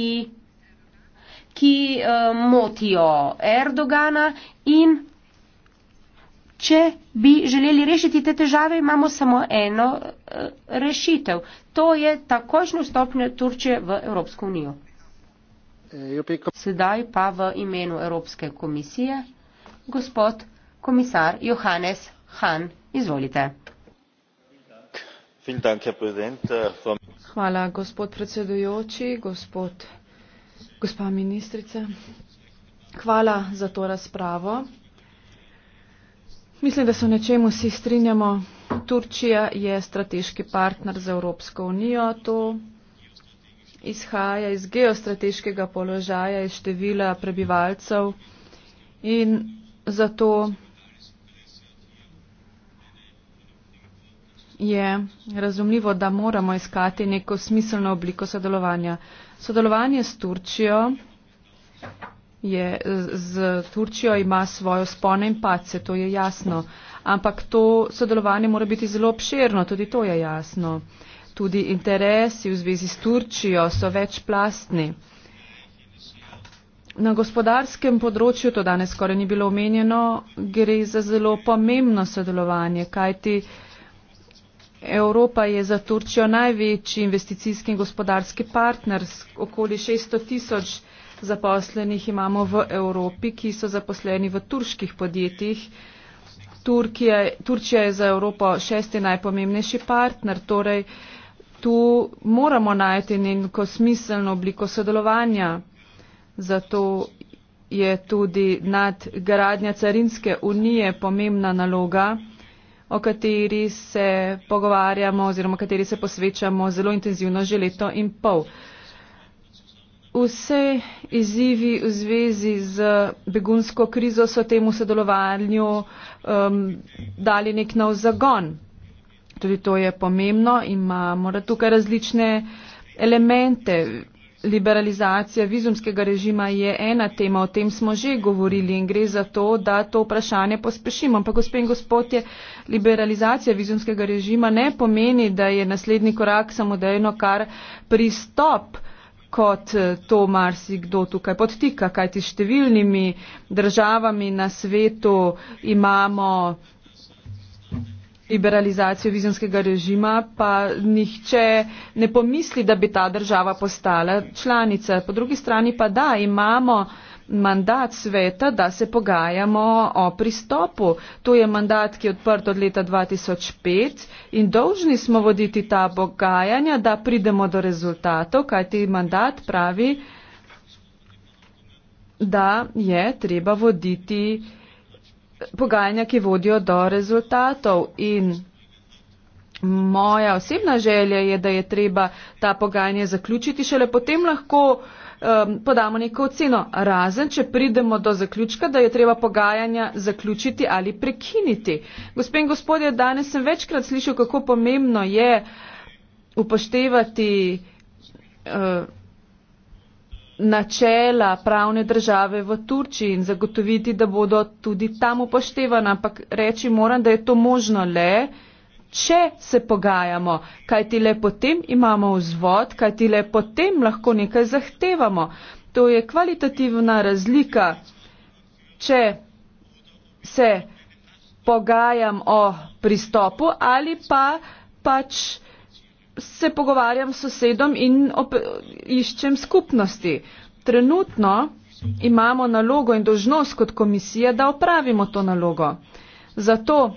ki um, motijo Erdogana in če bi želeli rešiti te težave, imamo samo eno uh, rešitev. To je takošno stopnje Turčije v Evropsko unijo. Sedaj pa v imenu Evropske komisije, gospod komisar Johannes Han, izvolite. Hvala, gospod predsedujoči, gospod, gospa ministrica. Hvala za to razpravo. Mislim, da se v nečem vsi strinjamo. Turčija je strateški partner za Evropsko unijo. To izhaja iz geostrateškega položaja, iz števila prebivalcev in zato je razumljivo, da moramo iskati neko smiselno obliko sodelovanja. Sodelovanje s Turčijo, je, z, z Turčijo ima svojo spone in pace, to je jasno. Ampak to sodelovanje mora biti zelo obširno, tudi to je jasno tudi interesi v zvezi s Turčijo so večplastni. Na gospodarskem področju, to danes skoraj ni bilo omenjeno, gre za zelo pomembno sodelovanje, kajti Evropa je za Turčijo največji investicijski in gospodarski partner. Okoli 600 tisoč zaposlenih imamo v Evropi, ki so zaposleni v turških podjetjih. Turkija, Turčija je za Evropo šesti najpomembnejši partner. Torej, uh, tu moramo najti neko smiselno obliko sodelovanja. Zato je tudi nadgradnja carinske unije pomembna naloga, o kateri se pogovarjamo oziroma kateri se posvečamo zelo intenzivno že leto in pol. Vse izzivi v zvezi z begunsko krizo so temu sodelovanju um, dali nek nov zagon. Tudi to je pomembno, ima mora tukaj različne elemente. Liberalizacija vizumskega režima je ena tema, o tem smo že govorili in gre za to, da to vprašanje pospešimo. Ampak, gospe in gospodje, liberalizacija vizumskega režima ne pomeni, da je naslednji korak samodejno kar pristop kot to marsikdo tukaj podtika, kajti številnimi državami na svetu imamo liberalizacijo vizijanskega režima, pa nihče ne pomisli, da bi ta država postala članica. Po drugi strani pa da, imamo mandat sveta, da se pogajamo o pristopu. To je mandat, ki je odprt od leta 2005 in dolžni smo voditi ta pogajanja, da pridemo do rezultatov, kajti mandat pravi, da je treba voditi pogajanja, ki vodijo do rezultatov. In moja osebna želja je, da je treba ta pogajanja zaključiti, šele potem lahko um, podamo neko oceno. Razen, če pridemo do zaključka, da je treba pogajanja zaključiti ali prekiniti. Gospen gospodje, danes sem večkrat slišal, kako pomembno je upoštevati. Uh, načela pravne države v Turčiji in zagotoviti, da bodo tudi tam upoštevana, ampak reči moram, da je to možno le, če se pogajamo, kaj ti le potem imamo vzvod, kaj ti le potem lahko nekaj zahtevamo. To je kvalitativna razlika, če se pogajam o pristopu ali pa pač se pogovarjam s sosedom in op, iščem skupnosti. Trenutno imamo nalogo in dožnost kot komisija, da opravimo to nalogo. Zato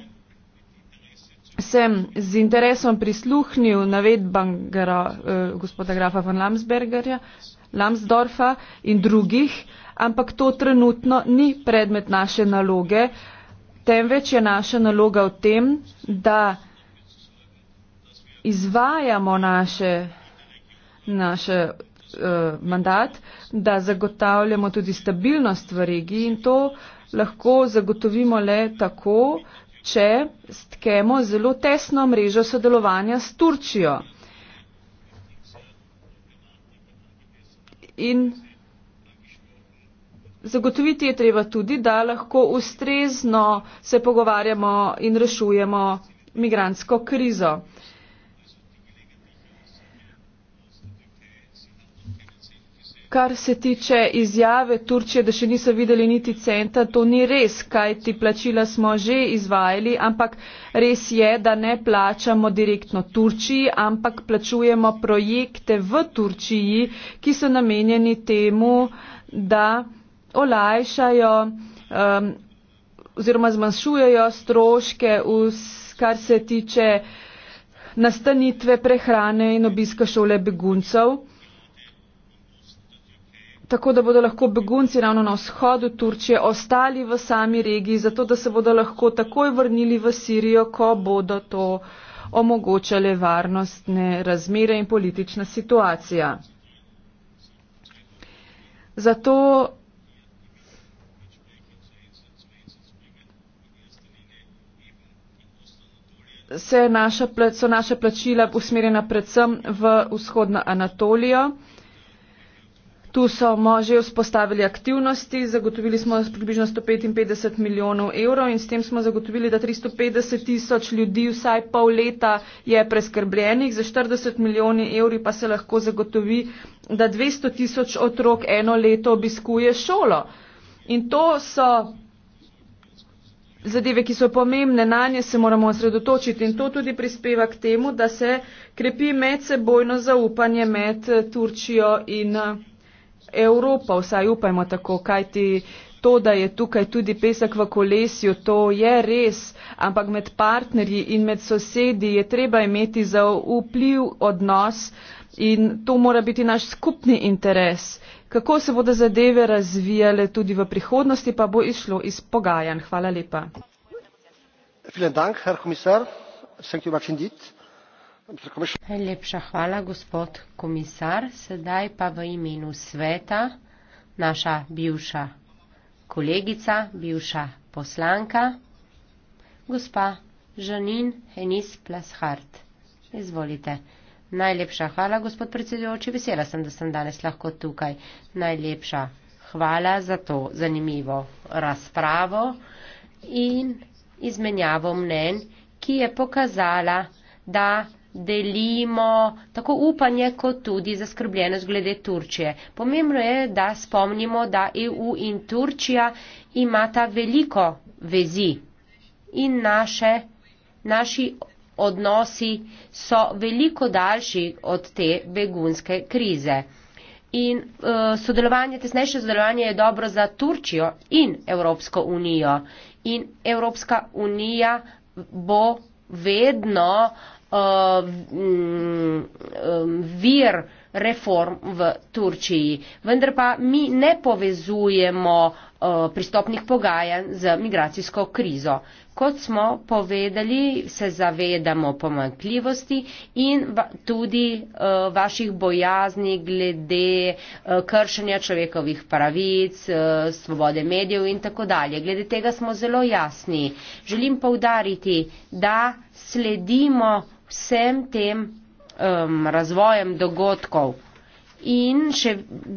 sem z interesom prisluhnil navedbam gra, eh, gospoda grafa von Lamsbergerja, Lamsdorfa in drugih, ampak to trenutno ni predmet naše naloge, temveč je naša naloga v tem, da izvajamo naše, naše uh, mandat, da zagotavljamo tudi stabilnost v regiji in to lahko zagotovimo le tako, če stkemo zelo tesno mrežo sodelovanja s Turčijo. In zagotoviti je treba tudi, da lahko ustrezno se pogovarjamo in rešujemo migransko krizo. Kar se tiče izjave Turčije, da še niso videli niti centa, to ni res, kaj ti plačila smo že izvajali, ampak res je, da ne plačamo direktno Turčiji, ampak plačujemo projekte v Turčiji, ki so namenjeni temu, da olajšajo um, oziroma zmanjšujejo stroške, kar se tiče nastanitve prehrane in obiska šole beguncev tako da bodo lahko begunci ravno na vzhodu Turčije ostali v sami regiji, zato da se bodo lahko takoj vrnili v Sirijo, ko bodo to omogočale varnostne razmere in politična situacija. Zato naša, so naša plačila usmerjena predvsem v vzhodno Anatolijo. Tu so moži vzpostavili aktivnosti, zagotovili smo približno 155 milijonov evrov in s tem smo zagotovili, da 350 tisoč ljudi vsaj pol leta je preskrbljenih, za 40 milijoni evri pa se lahko zagotovi, da 200 tisoč otrok eno leto obiskuje šolo. In to so zadeve, ki so pomembne, na nje se moramo osredotočiti in to tudi prispeva k temu, da se krepi medsebojno zaupanje med eh, Turčijo in Turčijo. Eh, Evropa, vsaj upajmo tako, kaj ti. To, da je tukaj tudi pesek v kolesju, to je res, ampak med partnerji in med sosedi je treba imeti za vpliv odnos in to mora biti naš skupni interes. Kako se bodo zadeve razvijale tudi v prihodnosti, pa bo išlo iz pogajanj. Hvala lepa. Dank, herr Najlepša hvala, gospod komisar. Sedaj pa v imenu sveta naša bivša kolegica, bivša poslanka, gospa Žanin Henis Plashart. Izvolite. Najlepša hvala, gospod predsedujoči. Vesela sem, da sem danes lahko tukaj. Najlepša hvala za to zanimivo razpravo in izmenjavo mnen, ki je pokazala, da delimo tako upanje kot tudi zaskrbljenost glede Turčije. Pomembno je, da spomnimo, da EU in Turčija imata veliko vezi in naše, naši odnosi so veliko daljši od te begunske krize. In uh, sodelovanje, tesnejše sodelovanje je dobro za Turčijo in Evropsko unijo. In Evropska unija bo vedno uh, Uh, mm, um, vir reform v Turčiji. Vendar pa mi ne povezujemo uh, pristopnih pogajanj z migracijsko krizo. Kot smo povedali, se zavedamo pomankljivosti in tudi uh, vaših bojazni glede uh, kršenja človekovih pravic, uh, svobode medijev in tako dalje. Glede tega smo zelo jasni. Želim poudariti, da sledimo vsem tem um, razvojem dogodkov. In še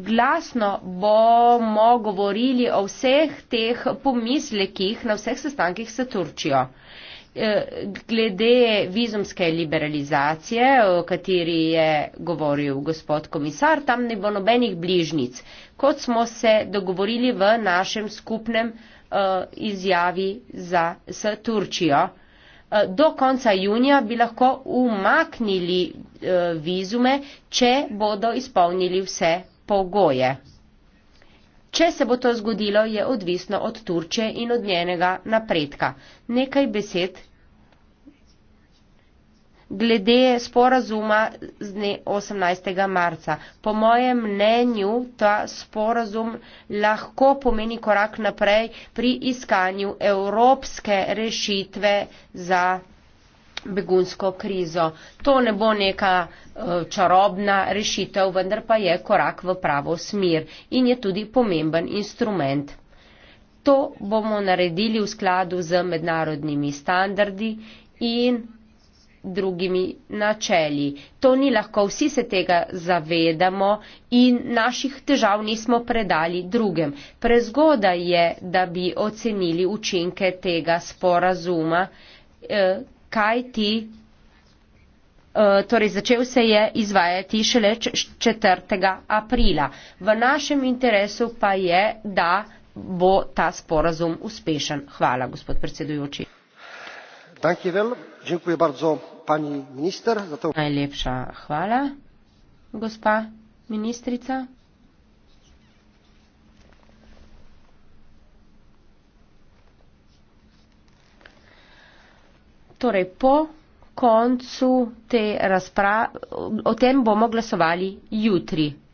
glasno bomo govorili o vseh teh pomislekih na vseh sestankih s Turčijo. E, glede vizumske liberalizacije, o kateri je govoril gospod komisar, tam ne bo nobenih bližnic, kot smo se dogovorili v našem skupnem uh, izjavi za, s Turčijo. Eh, do konca junija bi lahko umaknili eh, vizume, če bodo izpolnili vse pogoje. Če se bo to zgodilo, je odvisno od Turčije in od njenega napredka. Nekaj besed glede sporazuma z dne 18. marca. Po mojem mnenju ta sporazum lahko pomeni korak naprej pri iskanju evropske rešitve za begunsko krizo. To ne bo neka eh, čarobna rešitev, vendar pa je korak v pravo smer in je tudi pomemben instrument. To bomo naredili v skladu z mednarodnimi standardi in drugimi načeli. To ni lahko, vsi se tega zavedamo in naših težav nismo predali drugem. Prezgoda je, da bi ocenili učinke tega sporazuma, eh, kaj ti. Eh, torej, začel se je izvajati šele 4. aprila. V našem interesu pa je, da bo ta sporazum uspešen. Hvala, gospod predsedujoči. Danke, Najlepša hvala, gospa ministrica. Torej, po koncu te razprave, o tem bomo glasovali jutri.